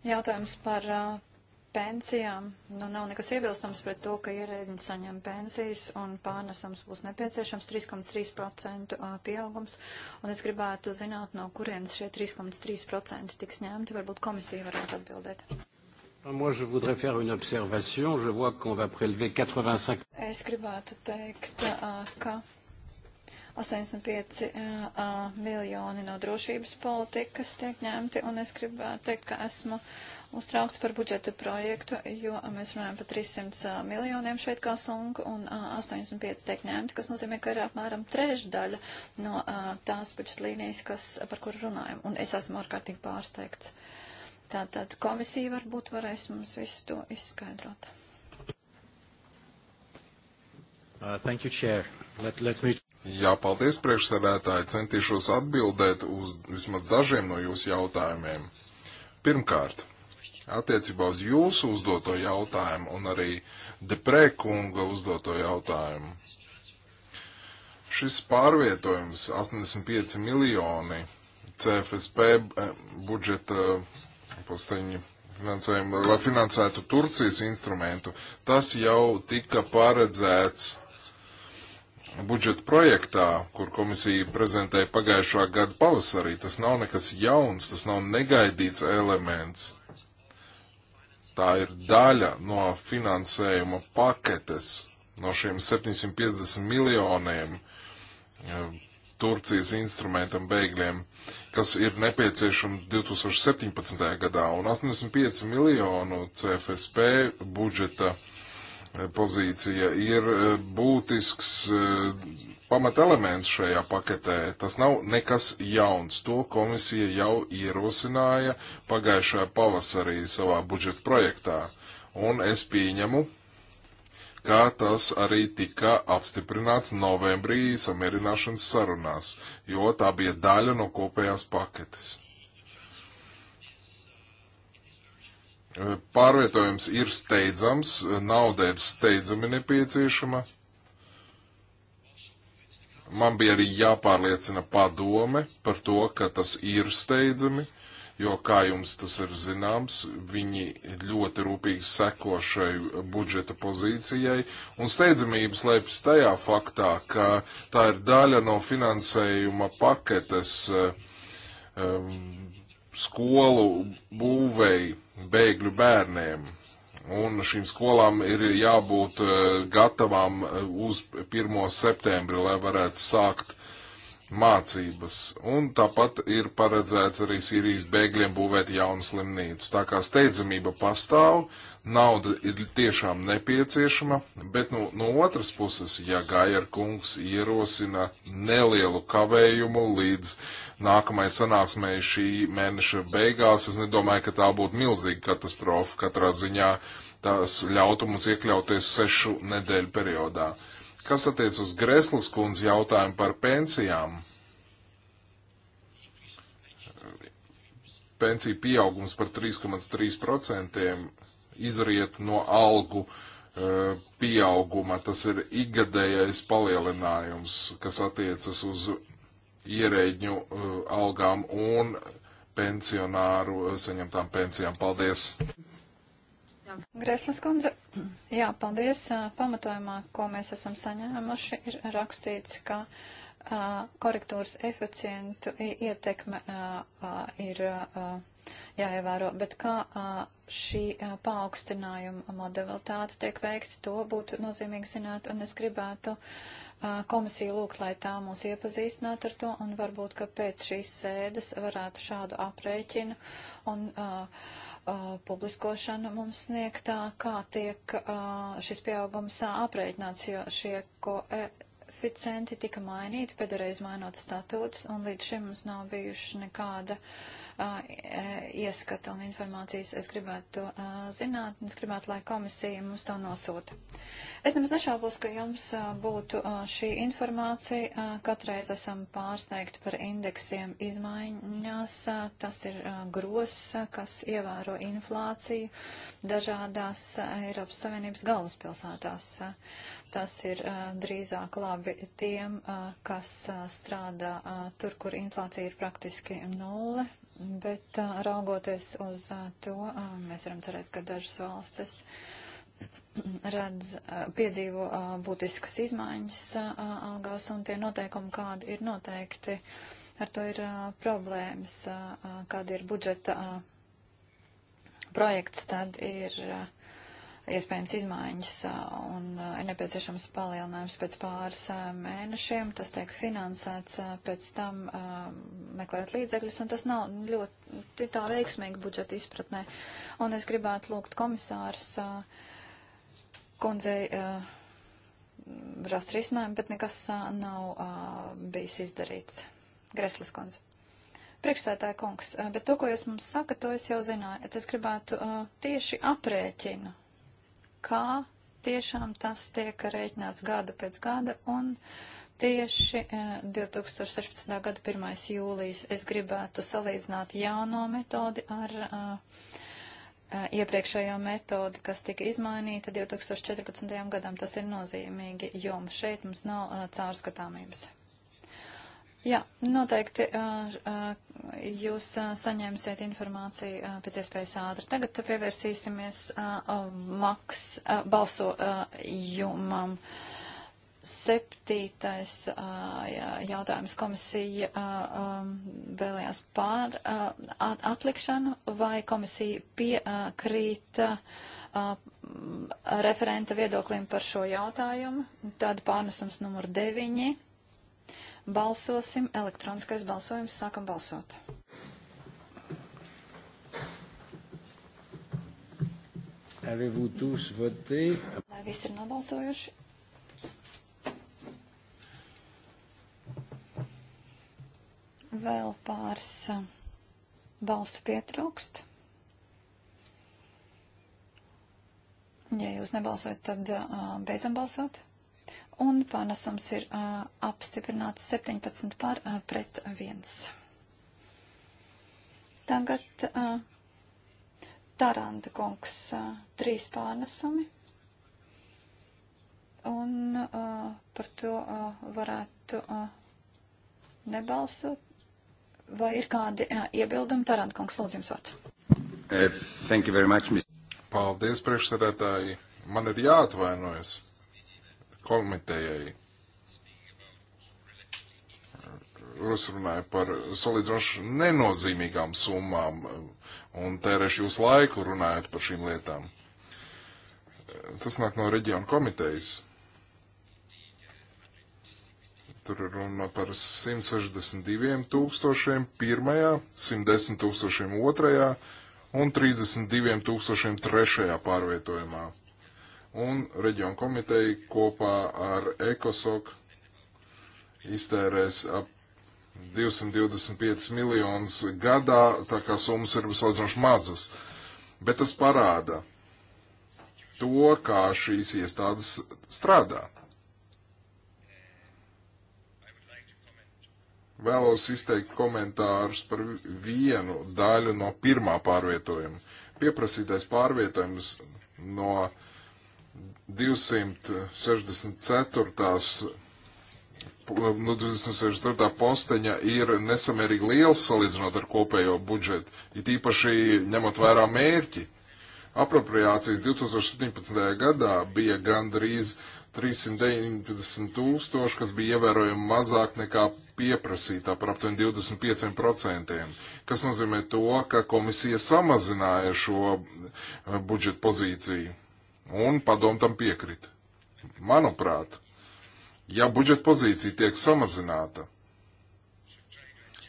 [SPEAKER 3] Jautājums par pensijām. Nu, nav nekas iebilstams pret to, ka ierēģiņi saņem pensijas un pārnesums būs nepieciešams 3,3% pieaugums. Un es gribētu zināt, no kurienes šie 3,3% tiks ņemti. Varbūt komisija varētu atbildēt. Moi, je voudrais faire une observation. Je vois qu'on va prélever 85. Es gribētu teikt, ka 85 uh, miljoni no drošības politikas tiek ņemti, un es gribētu teikt, ka esmu uztraukts par budžeta projektu, jo mēs runājam par 300 miljoniem šeit kā sunku, un uh, 85 tiek ņemti, kas nozīmē, ka ir apmēram trešdaļa no uh, tās budžeta līnijas, kas, par kur runājam, un es esmu ārkārtīgi pārsteigts. Tātad komisija varbūt varēs mums visu to izskaidrot.
[SPEAKER 4] Uh, thank you, Chair. Let, let me... Jā, paldies priekšsēdētāji. Centīšos atbildēt uz vismaz dažiem no jūsu jautājumiem. Pirmkārt, attiecībā uz jūsu uzdoto jautājumu un arī Deprēkunga uzdoto jautājumu. Šis pārvietojums 85 miljoni CFSP eh, budžeta eh, posteņu finansējumu, lai finansētu Turcijas instrumentu, tas jau tika paredzēts budžeta projektā, kur komisija prezentēja pagājušā gada pavasarī. Tas nav nekas jauns, tas nav negaidīts elements. Tā ir daļa no finansējuma paketes, no šiem 750 miljoniem Turcijas instrumentam bēgļiem, kas ir nepieciešama 2017. gadā, un 85 miljonu CFSP budžeta pozīcija ir e, būtisks e, pamatelements šajā paketē. Tas nav nekas jauns. To komisija jau ierosināja pagājušajā pavasarī savā budžeta projektā. Un es pieņemu, kā tas arī tika apstiprināts novembrī samierināšanas sarunās, jo tā bija daļa no kopējās paketes. Pārvietojums ir steidzams, nauda ir steidzami nepieciešama. Man bija arī jāpārliecina padome par to, ka tas ir steidzami, jo, kā jums tas ir zināms, viņi ļoti rūpīgi seko šai budžeta pozīcijai, un steidzamība slēpjas tajā faktā, ka tā ir daļa no finansējuma paketes um, skolu būvēju bēgļu bērniem. Un šīm skolām ir jābūt eh, gatavām eh, uz 1. septembri, lai varētu sākt mācības. Un tāpat ir paredzēts arī Sīrijas bēgļiem būvēt jaunu slimnīcu. Tā kā steidzamība pastāv, nauda ir tiešām nepieciešama, bet nu, no otras puses, ja Gajer kungs ierosina nelielu kavējumu līdz uh, nākamai sanāksmai šī mēneša beigās. Es nedomāju, ka tā būtu milzīga katastrofa. Katrā ziņā tas ļautu mums iekļauties sešu nedēļu periodā. Kas attiec uz Greslas kundz jautājumu par pensijām? Pensija pieaugums par 3,3% izriet no algu e, pieauguma. Tas ir ikgadējais palielinājums, kas attiecas uz ierēģņu uh, algām un pensionāru uh, saņemtām pensijām. Paldies!
[SPEAKER 3] Greslas kundze, jā, paldies. Uh, pamatojumā, ko mēs esam saņēmuši, ir rakstīts, ka a, korektūras eficientu ietekme a, a, ir jāievēro, bet kā šī paaugstinājuma modelitāte tiek veikta, to būtu nozīmīgi zināt, un es gribētu uh, komisija lūgt, lai tā mūs iepazīstinātu ar to, un varbūt, ka pēc šīs sēdes varētu šādu aprēķinu un uh, uh, publiskošanu mums sniegt, kā tiek uh, šis pieaugums aprēķināts, jo šie koeficienti tika mainīti, pēdējais mainot statūtus, un līdz šim mums nav bijuši nekāda. Uh, ieskata un informācijas. Es gribētu to zināt, un es gribētu, lai komisija mums to nosūta. Es nemaz nešaubos, ka jums būtu šī informācija. Katreiz esam pārsteigti par indeksiem izmaiņās. Tas ir gros, kas ievēro inflāciju dažādās Eiropas Savienības galvaspilsētās. Tas ir drīzāk labi tiem, kas strādā tur, kur inflācija ir praktiski nulle bet raugoties uz to, mēs varam cerēt, ka dažas valstis redz, piedzīvo būtiskas izmaiņas algās un tie noteikumi, kādi ir noteikti, ar to ir problēmas, kāda ir budžeta projekts, tad ir. Uh, iespējams izmaiņas un ir nepieciešams palielinājums pēc pāris mēnešiem. Tas tiek finansēts pēc tam meklējot līdzekļus, un tas nav ļoti tā veiksmīgi budžeta izpratnē. Un es gribētu lūgt komisārs kundzei rast risinājumu, bet nekas nav bijis izdarīts. Greslis kundze priekšstādāja kungs, bet to, ko jūs mums sakat, to es jau zināju. Es gribētu uh, tieši aprēķinu kā tiešām tas tiek rēķināts gadu pēc gada un tieši 2016. E, gada 1. jūlijas es gribētu salīdzināt jauno metodi ar uh, iepriekšējo metodi, kas tika izmainīta 2014. gadam, tas ir nozīmīgi, jo šeit mums nav uh, caurskatāmības. Jā, noteikti jūs saņemsiet informāciju pēc iespējas ātri. Tagad pievērsīsimies maks balsojumam. Septītais jautājums komisija vēlējās pār atlikšanu vai komisija piekrīt referenta viedoklim par šo jautājumu. Tad pārnesums numur deviņi Balsosim, elektroniskais balsojums, sākam balsot.
[SPEAKER 1] Avez-vous tous voté?
[SPEAKER 3] Vai visi ir nobalsojuši? Vēl pāris balsu pietrūkst. Ja jūs nebalsojat, tad uh, beidzam balsot un panesums ir uh, apstiprināts 17 par uh, pret 1. Tagad uh, Taranda kungs uh, trīs pārnesumi, un uh, par to uh, varētu uh, nebalsot. Vai ir kādi uh, iebildumi? Taranda kungs, lūdzu jums vārds.
[SPEAKER 4] Uh, thank you very much, Mr. Paldies, priekšsēdētāji. Man ir jāatvainojas komitejai. Es runāju par salīdzinoši nenozīmīgām summām un tērēšu jūs laiku runājot par šīm lietām. Tas nāk no reģiona komitejas. Tur ir runa par 162 tūkstošiem pirmajā, 110 tūkstošiem otrajā un 32 tūkstošiem trešajā pārvietojumā un reģionu komiteja kopā ar ECOSOC iztērēs ap 225 miljonus gadā, tā kā summas ir salīdzinoši mazas. Bet tas parāda to, kā šīs iestādes strādā. Vēlos izteikt komentārus par vienu daļu no pirmā pārvietojuma. Pieprasītais pārvietojums no uh, 264. No 264. posteņa ir nesamērīgi liels salīdzinot ar kopējo budžetu, it īpaši ņemot vērā mērķi. Apropriācijas 2017. gadā bija gandrīz 390 tūkstoši, kas bija ievērojami mazāk nekā pieprasītā par aptuveni 25%, kas nozīmē to, ka komisija samazināja šo eh, budžeta pozīciju un padom tam piekrita. Manuprāt, ja budžeta pozīcija tiek samazināta,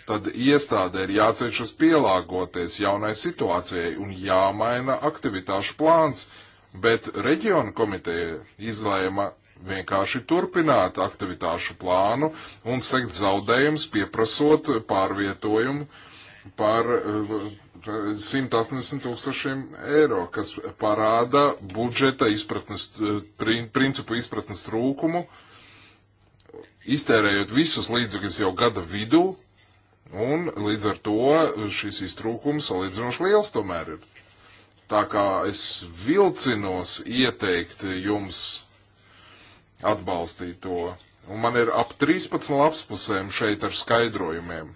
[SPEAKER 4] tad iestādē ir jācenšas pielāgoties jaunai situācijai un jāmaina aktivitāšu plāns, bet reģiona komiteja izlēma vienkārši turpināt aktivitāšu plānu un sekt zaudējums, pieprasot pārvietojumu par eh, 180 tūkstošiem eiro, kas parāda budžeta izpratnes, principu izpratnes trūkumu, iztērējot visus līdzekļus jau gada vidū, un līdz ar to šis iztrūkums salīdzinoši liels tomēr ir. Tā kā es vilcinos ieteikt jums atbalstīt to, un man ir ap 13 lapspusēm šeit ar skaidrojumiem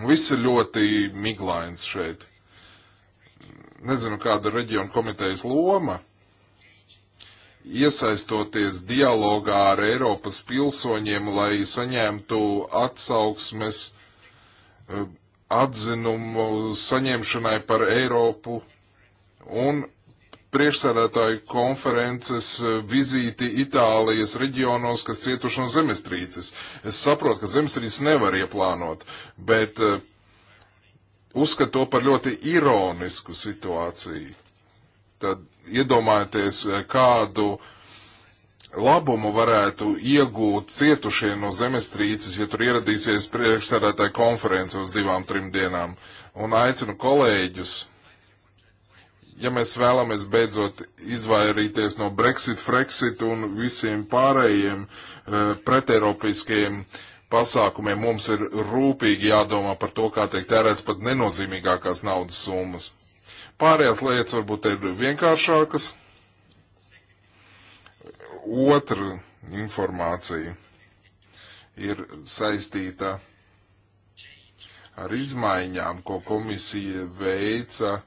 [SPEAKER 4] Viss ir ļoti miglains šeit. Nezinu, kāda ir reģiona komitejas loma. Iesaistoties dialogā ar Eiropas pilsoņiem, lai saņemtu atsauksmes eh, atzinumu saņemšanai par Eiropu un priekšsēdētāju konferences eh, vizīti Itālijas reģionos, kas cietuši no zemestrīces. Es saprotu, ka zemestrīces nevar ieplānot, bet eh, uzskatu to par ļoti ironisku situāciju. Tad iedomājieties, eh, kādu labumu varētu iegūt cietušie no zemestrīces, ja tur ieradīsies priekšsēdētāja konference uz divām, trim dienām. Un aicinu kolēģus ja mēs vēlamies beidzot izvairīties no Brexit, Frexit un visiem pārējiem uh, eh, preteiropiskajiem pasākumiem, mums ir rūpīgi jādomā par to, kā tiek tērēts pat nenozīmīgākās naudas summas. Pārējās lietas varbūt ir vienkāršākas. Otra informācija ir saistīta ar izmaiņām, ko komisija veica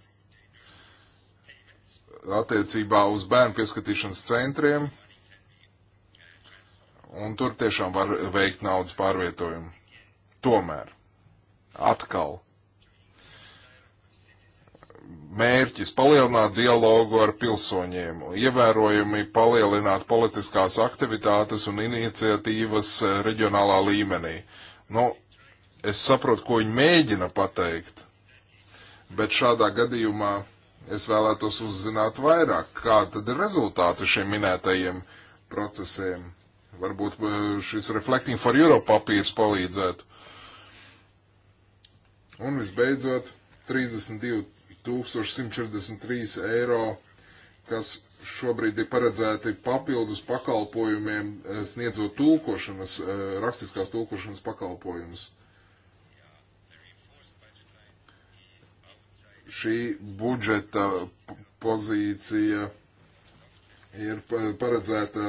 [SPEAKER 4] attiecībā uz bērnu pieskatīšanas centriem, un tur tiešām var veikt naudas pārvietojumu. Tomēr, atkal, mērķis palielināt dialogu ar pilsoņiem, ievērojami palielināt politiskās aktivitātes un iniciatīvas reģionālā līmenī. Nu, es saprotu, ko viņi mēģina pateikt, bet šādā gadījumā Es vēlētos uzzināt vairāk, kāda ir rezultāti šiem minētajiem procesiem. Varbūt eh, šis Reflecting for Europe papīrs palīdzētu. Un visbeidzot, 32,143 eiro, kas šobrīd ir paredzēti papildus pakalpojumiem, eh, sniedzot tulkošanas, eh, rakstiskās tulkošanas pakalpojumus. šī budžeta pozīcija ir paredzēta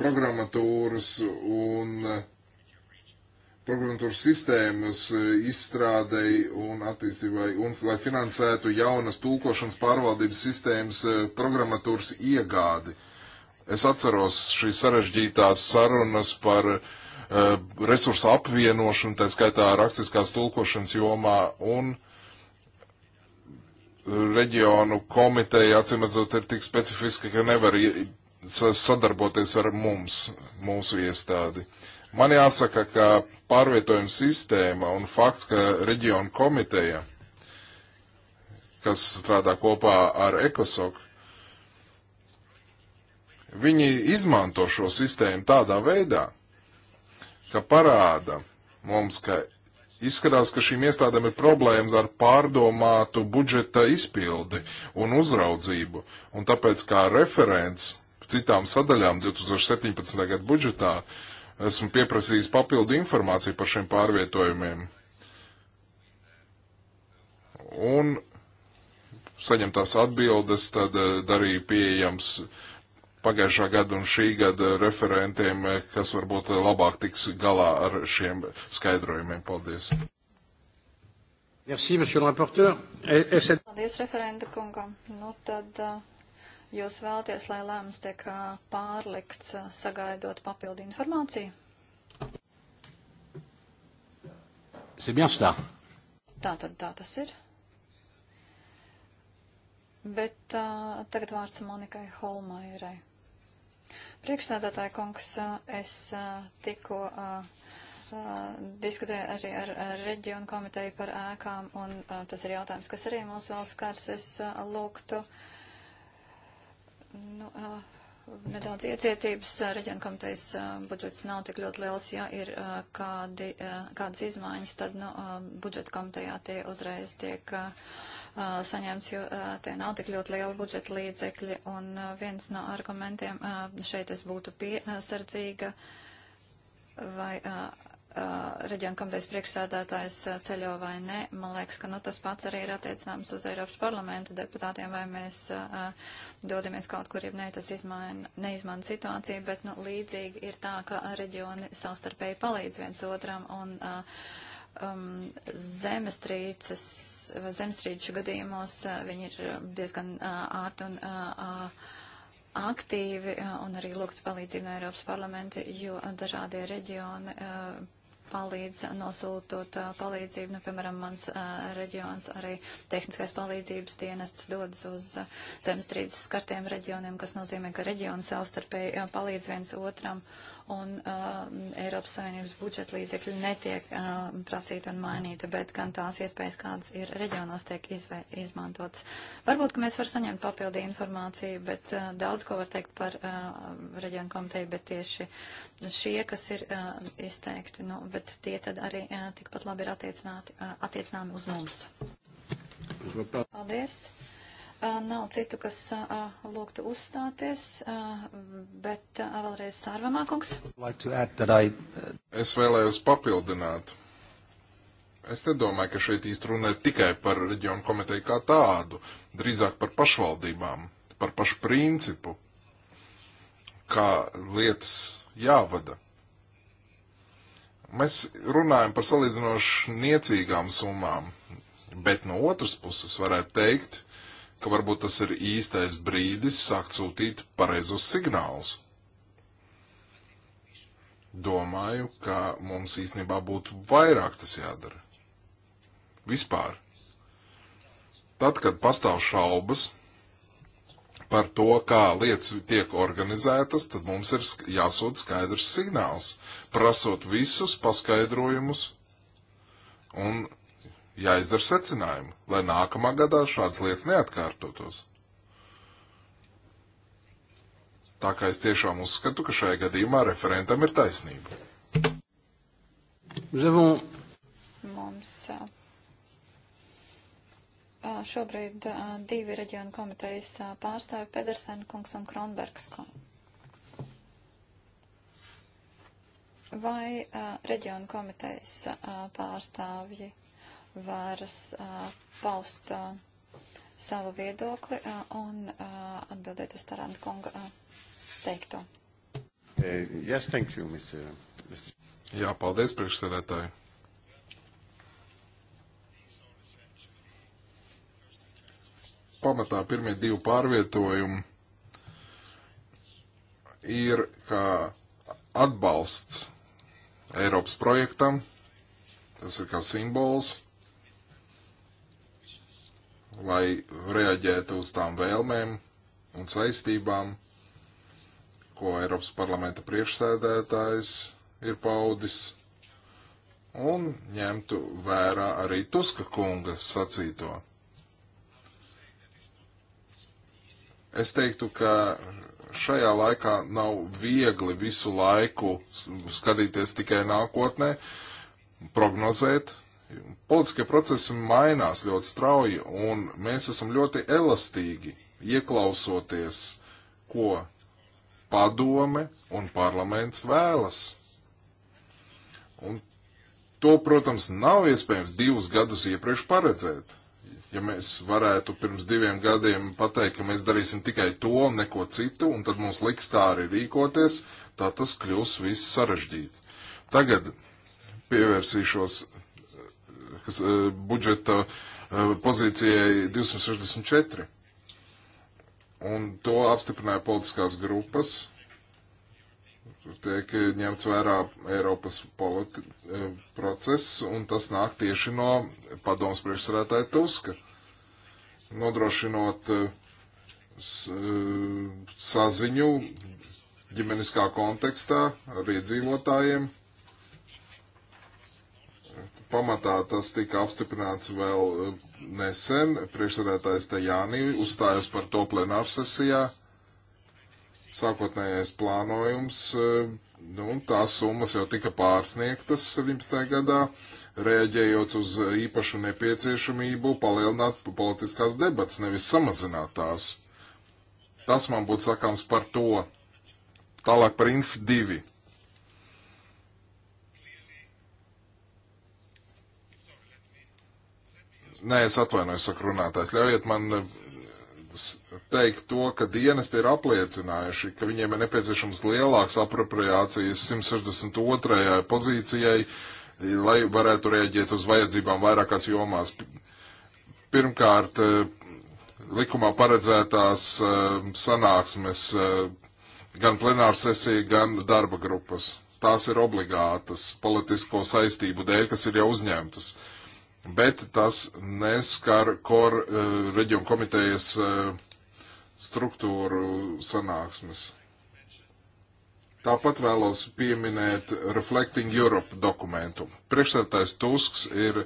[SPEAKER 4] programmatūras un programmatūras sistēmas izstrādei un attīstībai, un lai finansētu jaunas tulkošanas pārvaldības sistēmas programmatūras iegādi. Es atceros šīs sarežģītās sarunas par uh, resursu apvienošanu, tā skaitā rakstiskās tulkošanas jomā, un uh, reģionu komiteja acīmredzot ir tik specifiska, ka nevar sadarboties ar mums, mūsu iestādi. Man jāsaka, ka pārvietojuma sistēma un fakts, ka reģionu komiteja, kas strādā kopā ar Ekosoku, viņi izmanto šo sistēmu tādā veidā, ka parāda mums, ka Izskatās, ka šīm iestādēm ir problēmas ar pārdomātu budžeta izpildi un uzraudzību, un tāpēc kā referents citām sadaļām 2017. gada budžetā esmu pieprasījis papildu informāciju par šiem pārvietojumiem. Un saņemtās atbildes tad eh, darīja pieejams uh, pagājušā gada un šī gada referentiem, eh, kas varbūt labāk tiks galā ar šiem skaidrojumiem. Paldies!
[SPEAKER 3] Merci, monsieur le rapporteur. Es... Paldies, referenta kungam. Nu tad eh, jūs vēlaties, lai lēmums tiek eh, pārlikts, sagaidot papildu informāciju? C'est bien cela. Tā tad tā tas ir. Bet uh, tagad vārds Monikai Holmairai. Priekšsēdētāja kungs, es tikko diskutēju arī ar, ar reģionu komiteju par ēkām, un a, tas ir jautājums, kas arī mūsu valsts kārs. Es a, lūgtu nu, a, nedaudz iecietības. Reģionu komitejas budžets nav tik ļoti liels. Ja ir kādi, kādas izmaiņas, tad nu, budžeta komitejā tie uzreiz tiek. Uh, saņemts, jo tie nav tik ļoti liela budžeta līdzekļi. Un viens no argumentiem šeit es būtu piesardzīga vai reģionu komitejas priekšsēdētājs ceļo vai nē. Man liekas, ka nu, tas pats arī ir attiecināms uz Eiropas parlamenta deputātiem, vai mēs uh, dodamies kaut kur, ja nē, tas izmaina, neizmaina situāciju, bet nu, līdzīgi ir tā, ka reģioni savstarpēji palīdz viens otram un uh, um, zemestrīces, zemestrīču gadījumos uh, viņi ir diezgan uh, ātri un uh, uh, aktīvi uh, un arī lūgt palīdzību no Eiropas parlamenta, jo dažādie reģioni uh, palīdz nosūtot uh, palīdzību. Nu, piemēram, mans uh, reģions arī tehniskais palīdzības dienests dodas uz uh, zemestrīces skartiem reģioniem, kas nozīmē, ka reģioni savstarpēji uh, palīdz viens otram. Uh, un uh, Eiropas Savienības budžeta līdzekļi netiek uh, prasīti un mainīti, bet gan tās iespējas, kādas ir reģionos, tiek izvē, izmantotas. Varbūt, ka mēs varam saņemt papildi informāciju, bet uh, daudz ko var teikt par uh, reģionu komiteju, bet tieši šie, kas ir uh, izteikti, nu, bet tie tad arī uh, tikpat labi ir attiecināti, uh, attiecināmi uz mums. Paldies! Nav citu, kas lūgtu uzstāties, bet vēlreiz Sārvamā kungs.
[SPEAKER 4] Uh, es vēlējos papildināt. Es nedomāju, ka šeit īsti runa ir tikai par reģionu komiteju kā tādu, drīzāk par pašvaldībām, par pašu principu, kā lietas jāvada. Mēs runājam par salīdzinoši niecīgām summām, bet no otras puses varētu teikt, ka varbūt tas ir īstais brīdis sākt sūtīt pareizos signālus. Domāju, ka mums īstenībā būtu vairāk tas jādara. Vispār. Tad, kad pastāv šaubas par to, kā lietas tiek organizētas, tad mums ir jāsūt skaidrs signāls, prasot visus paskaidrojumus un jāizdara secinājumi, lai nākamā gadā šādas lietas neatkārtotos. Tā kā es tiešām uzskatu, ka šajā gadījumā referentam ir taisnība.
[SPEAKER 3] Mums šobrīd divi reģionu komitejas pārstāvi Pedersen kungs un Kronbergs kungs. Vai reģionu komitejas pārstāvji varas paust savu viedokli un atbildēt uz Taranta kunga teikto.
[SPEAKER 4] Eh, yes, thank you, Mr. Uh, Jā, paldies, priekšsēdētāji. Pamatā pirmie divi pārvietojumi ir kā atbalsts Eiropas projektam, tas ir kā simbols lai reaģētu uz tām vēlmēm un saistībām, ko Eiropas parlamenta priekšsēdētājs ir paudis, un ņemtu vērā arī Tuska kunga sacīto. Es teiktu, ka šajā laikā nav viegli visu laiku skatīties tikai nākotnē, prognozēt, politiskie procesi mainās ļoti strauji, un mēs esam ļoti elastīgi ieklausoties, ko padome un parlaments vēlas. Un to, protams, nav iespējams divus gadus iepriekš paredzēt. Ja mēs varētu pirms diviem gadiem pateikt, ka mēs darīsim tikai to un neko citu, un tad mums liks tā arī rīkoties, tā tas kļūs viss sarežģīti. Tagad pievērsīšos kas, e, budžeta e, pozīcijai 264. Un to apstiprināja politiskās grupas. Tiek ņemts vērā Eiropas politi, e, process, un tas nāk tieši no padomas priekšsarētāja Tuska, nodrošinot saziņu ģimeniskā kontekstā ar iedzīvotājiem pamatā tas tika apstiprināts vēl eh, nesen. Priekšsēdētājs Tajānī uzstājas par to plenārsesijā. Sākotnējais plānojums, eh, nu, tās summas jau tika pārsniegtas 17. gadā, rēģējot uz īpašu nepieciešamību palielināt politiskās debats, nevis samazināt tās. Tas man būtu sakāms par to. Tālāk par Inf 2. Nē, es atvainojos, saka runātājs. Ļaujiet man eh, teikt to, ka dienesti ir apliecinājuši, ka viņiem ir nepieciešams lielāks apropriācijas 162. pozīcijai, lai varētu rēģēt uz vajadzībām vairākās jomās. Pirmkārt, eh, likumā paredzētās eh, sanāksmes gan plenāra sesija, gan darba grupas. Tās ir obligātas politisko saistību dēļ, kas ir jau uzņemtas. Uh, bet tas neskar kor eh, reģionu komitejas eh, struktūru sanāksmes. Tāpat vēlos pieminēt Reflecting Europe dokumentu. Priekšsētājs Tusks ir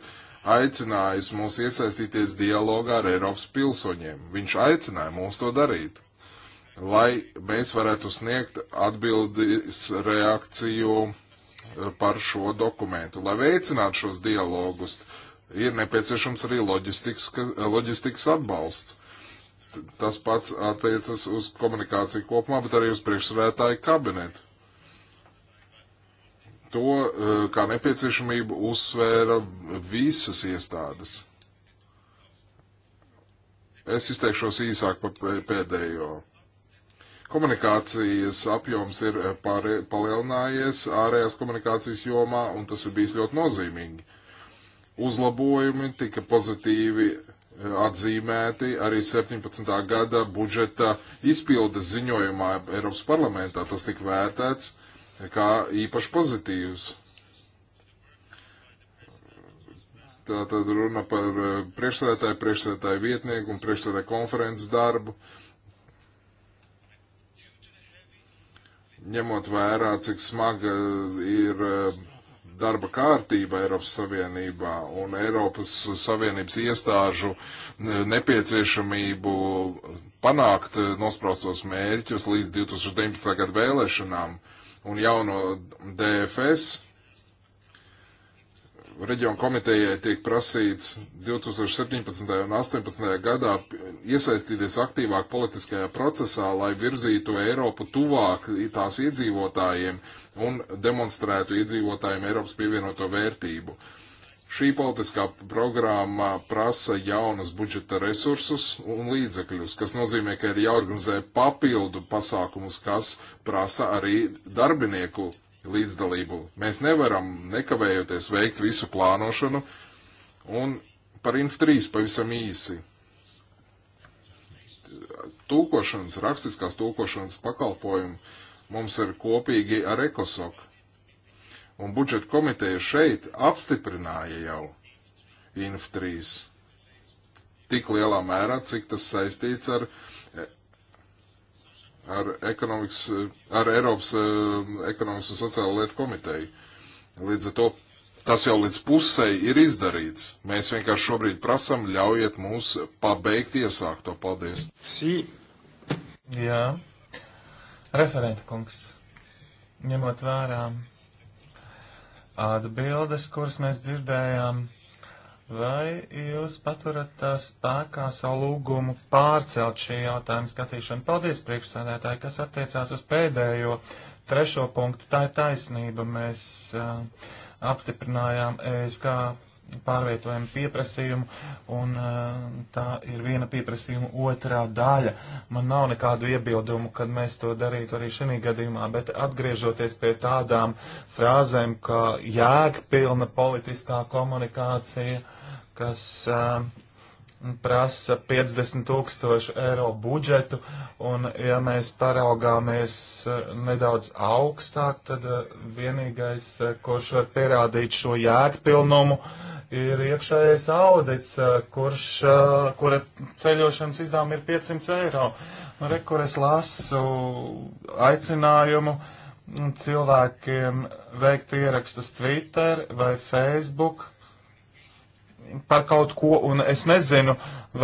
[SPEAKER 4] aicinājis mūs iesaistīties dialogā ar Eiropas pilsoņiem. Viņš aicināja mūs to darīt, lai mēs varētu sniegt atbildes reakciju eh, par šo dokumentu, lai veicinātu šos dialogus ir nepieciešams arī loģistikas, loģistikas atbalsts. Tas pats attiecas uz komunikāciju kopumā, bet arī uz priekšsēdētāju kabinetu. To eh, kā nepieciešamību uzsvēra visas iestādes. Es izteikšos īsāk par pēdējo. Komunikācijas apjoms ir eh, pāri, palielinājies ārējās komunikācijas jomā, un tas ir bijis ļoti nozīmīgi uzlabojumi tika pozitīvi e, atzīmēti arī 17. gada budžeta izpildes ziņojumā Eiropas parlamentā. Tas tika vērtēts e, kā īpaši pozitīvs. Tā tad runa par e, priekšsēdētāju, priekšsēdētāju vietnieku un priekšsēdētāju konferences darbu. Ņemot vērā, cik smaga ir darba kārtība Eiropas Savienībā un Eiropas Savienības iestāžu e, nepieciešamību panākt e, nospraustos mērķus līdz 2019. gadu vēlēšanām un jauno DFS reģionu komitejai tiek prasīts 2017. un 2018. gadā iesaistīties aktīvāk politiskajā procesā, lai virzītu Eiropu tuvāk tās iedzīvotājiem un demonstrētu iedzīvotājiem Eiropas pievienoto vērtību. Šī politiskā programma prasa jaunas budžeta resursus un līdzekļus, kas nozīmē, ka ir jāorganizē papildu pasākumus, kas prasa arī darbinieku līdzdalību. Mēs nevaram nekavējoties veikt visu plānošanu un par INF3 pavisam īsi. Tūkošanas, rakstiskās tūkošanas pakalpojumu mums ir kopīgi ar ECOSOC. Un budžeta komiteja šeit apstiprināja jau INF3 tik lielā mērā, cik tas saistīts ar uh, ar, ekonomikas, ar Eiropas eh, ekonomikas un sociālo lietu komiteju. Līdz ar to tas jau līdz pusei ir izdarīts. Mēs vienkārši šobrīd prasam, ļaujiet mums pabeigt iesākto. Paldies!
[SPEAKER 1] Sī.
[SPEAKER 2] Jā, referenta kungs, ņemot vērā atbildes, kuras mēs dzirdējām Vai jūs paturat spēkā savu lūgumu pārcelt šī jautājuma skatīšanu? Paldies, priekšsēdētāji, kas attiecās uz pēdējo trešo punktu. Tā ir taisnība. Mēs uh, apstiprinājām ESK pārvietojumu pieprasījumu, un uh, tā ir viena pieprasījuma otrā daļa. Man nav nekādu iebildumu, kad mēs to darītu arī šī gadījumā, bet atgriežoties pie tādām frāzēm, kā jēgpilna politiskā komunikācija, uh, kas uh, prasa 50 tūkstošu eiro budžetu, un ja mēs paraugāmies nedaudz augstāk, tad vienīgais, kurš var pierādīt šo jēgpilnumu, ir iekšējais audits, kurš, kura ceļošanas izdevumi ir 500 eiro. Nu, re, kur es lasu aicinājumu cilvēkiem veikt ierakstus Twitter vai Facebook par kaut ko, un es nezinu,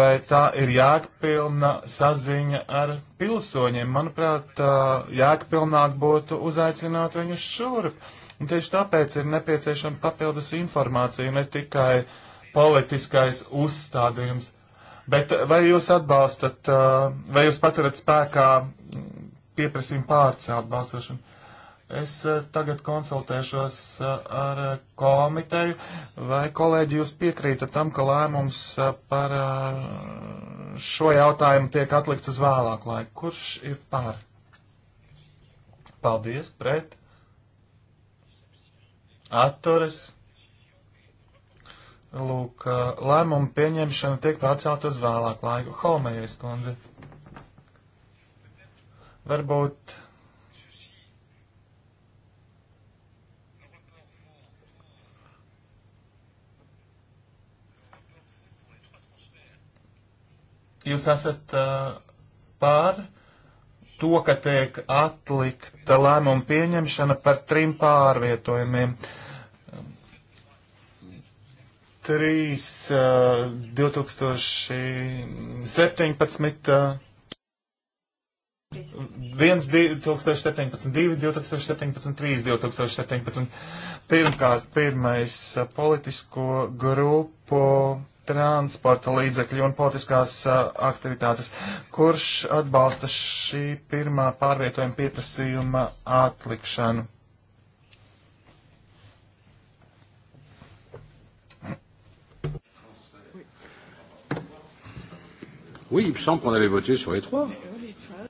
[SPEAKER 2] vai tā ir jēgpilna saziņa ar pilsoņiem. Manuprāt, jēgpilnāk būtu uzaicināt viņus šurp. Un tieši tāpēc ir nepieciešama papildus informācija, ne tikai politiskais uzstādījums. Bet vai jūs atbalstat, vai jūs paturat spēkā pieprasījumu pārcelt balsošanu? Es eh, tagad konsultēšos eh, ar eh, komiteju, vai kolēģi jūs piekrītat tam, ka lēmums par šo jautājumu tiek atlikts uz vēlāku laiku. Kurš ir pār? Paldies, pret. Atturas. Lūk, lēmumu pieņemšana tiek pārcelt uz vēlāku laiku. Holmējas kundze. Varbūt jūs esat uh, pār to, ka tiek atlikta lēmuma pieņemšana par trim pārvietojumiem. Trīs uh, 2017. Uh, 1, 2017, 2, 2017, 3, 2017. Pirmkārt, pirmais politisko grupu transporta līdzekļi un politiskās uh, aktivitātes. Kurš atbalsta šī pirmā pārvietojuma pieprasījuma atlikšanu?
[SPEAKER 3] Oui, il me semble qu'on avait voté sur les trois.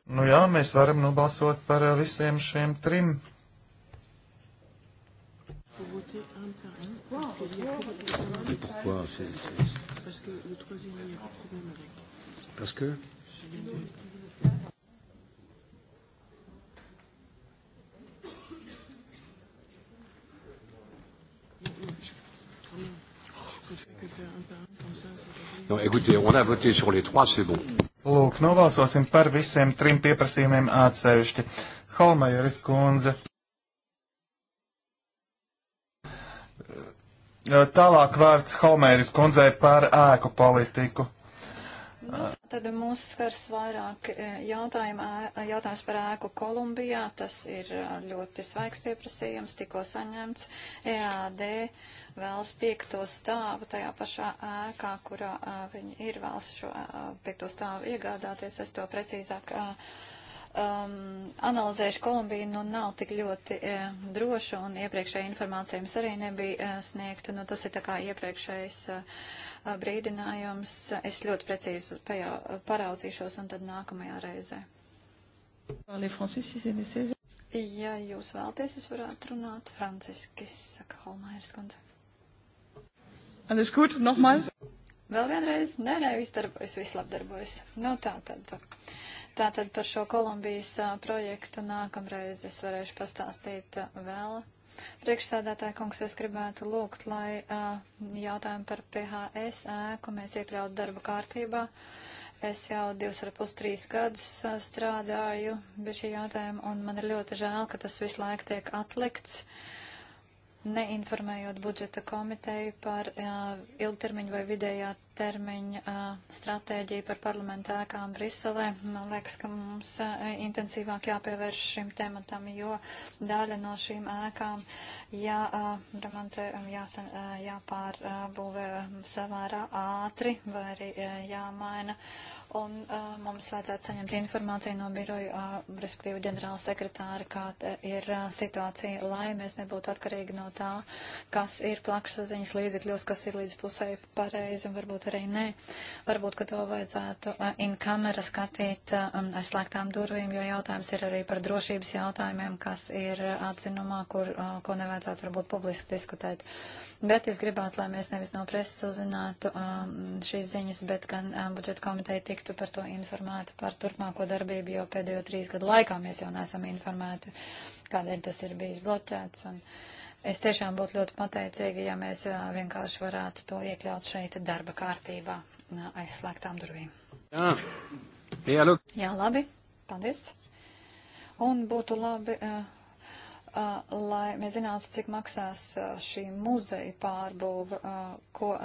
[SPEAKER 2] Nu jā, mēs varam nobalsot par visiem šiem trim.
[SPEAKER 1] Pourquoi? que le troisième, il n'y a pas de problème avec. Parce que
[SPEAKER 2] No, écoutez,
[SPEAKER 3] on a voté sur les trois, c'est bon.
[SPEAKER 2] Lūk, nobalsosim par visiem trim pieprasījumiem atsevišķi. Holmajeris kundze. Eh, tālāk vārds Holmēris kundzei par ēku politiku. Nu,
[SPEAKER 3] tad mūs skars vairāk eh, jautājumu, eh, jautājums par ēku Kolumbijā. Tas ir ļoti svaigs pieprasījums, tikko saņemts. EAD vēlas piekto stāvu tajā pašā ēkā, kurā viņi ir vēlas šo piekto stāvu iegādāties. Es to precīzāk. Uh, um, analizējuši Kolumbiju, nu nav tik ļoti uh, droša un iepriekšēja informācija mums arī nebija uh, sniegta. Nu, tas ir tā kā iepriekšējais uh, brīdinājums. Es ļoti precīzi pajā, paraudzīšos un tad nākamajā reizē. Ja jūs vēlaties, es varētu runāt franciski, saka Holmairs kundze. Alles gut, nochmal? Vēl vienreiz? Nē, nē, viss darbojas, viss labi darbojas. Nu tā tad. Uh, Tātad par šo Kolumbijas projektu nākamreiz es varēšu pastāstīt vēl. Priekšsādātāja kungs, es gribētu lūgt, lai jautājumu par PHS ēku mēs iekļautu darba kārtībā. Es jau divus ar pus trīs gadus strādāju pie šī jautājuma, un man ir ļoti žēl, ka tas visu laiku tiek atlikts. Uh, neinformējot budžeta komiteju par uh, ilgtermiņu vai vidējā termiņa uh, stratēģiju par parlamentu ēkām Briselē. Man liekas, ka mums uh, intensīvāk jāpievērš šim tematam, jo daļa no šīm ēkām jā, uh, remontē, jāsan, uh, jāpārbūvē uh, savārā ātri vai arī uh, jāmaina. Uh, Un uh, mums vajadzētu saņemt informāciju no biroja, uh, respektīvi ģenerāla sekretāra, kāda ir uh, situācija, lai mēs nebūtu atkarīgi no tā, kas ir plakšsaziņas līdzekļos, kas ir līdz pusē pareizi un varbūt arī nē. Varbūt, ka to vajadzētu uh, in kamera skatīt uh, um, aizslēgtām durvīm, jo jautājums ir arī par drošības jautājumiem, kas ir uh, atzinumā, kur, uh, ko nevajadzētu varbūt publiski diskutēt. Bet es gribētu, lai mēs nevis no preses uzzinātu um, šīs ziņas, bet gan um, budžeta komiteja tik tiktu par to informēti par turpmāko darbību, jo pēdējo trīs gadu laikā mēs jau nesam informēti, kādēļ tas ir bijis bloķēts. Un es tiešām būtu ļoti pateicīga, ja mēs vienkārši varētu to iekļaut šeit darba kārtībā aizslēgtām durvīm. Jā, jā, jā labi. Paldies. Un būtu labi. Uh, Uh, lai mēs zinātu, cik maksās uh, šī muzeja pārbūve, uh, ko um,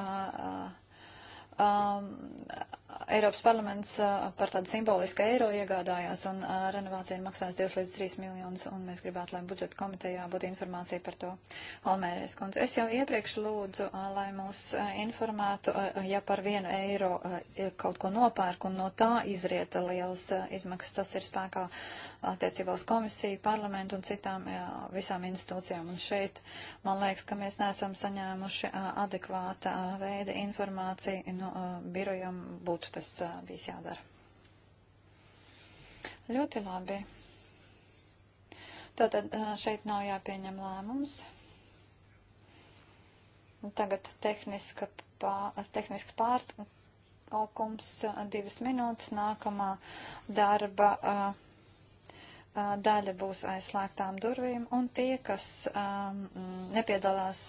[SPEAKER 3] Eiropas parlaments par tādu simbolisku eiro iegādājās un renovācija maksās 2 līdz 3 miljonus, un mēs gribētu, lai budžeta komitejā būtu informācija par to. Almērēs kundze, es jau iepriekš lūdzu, lai mūs informētu, ja par vienu eiro kaut ko nopērk un no tā izrieta lielas izmaksas, tas ir spēkā attiecībā uz komisiju, parlamentu un citām jā, visām institūcijām. Un šeit man liekas, ka mēs neesam saņēmuši adekvāta veida informāciju no birojam būtu būtu tas bijis jādara. Ļoti labi. Tātad šeit nav jāpieņem lēmums. Tagad tehniska, pā, tehnisks pārtraukums divas minūtes. Nākamā darba daļa būs aizslēgtām durvīm, un tie, kas nepiedalās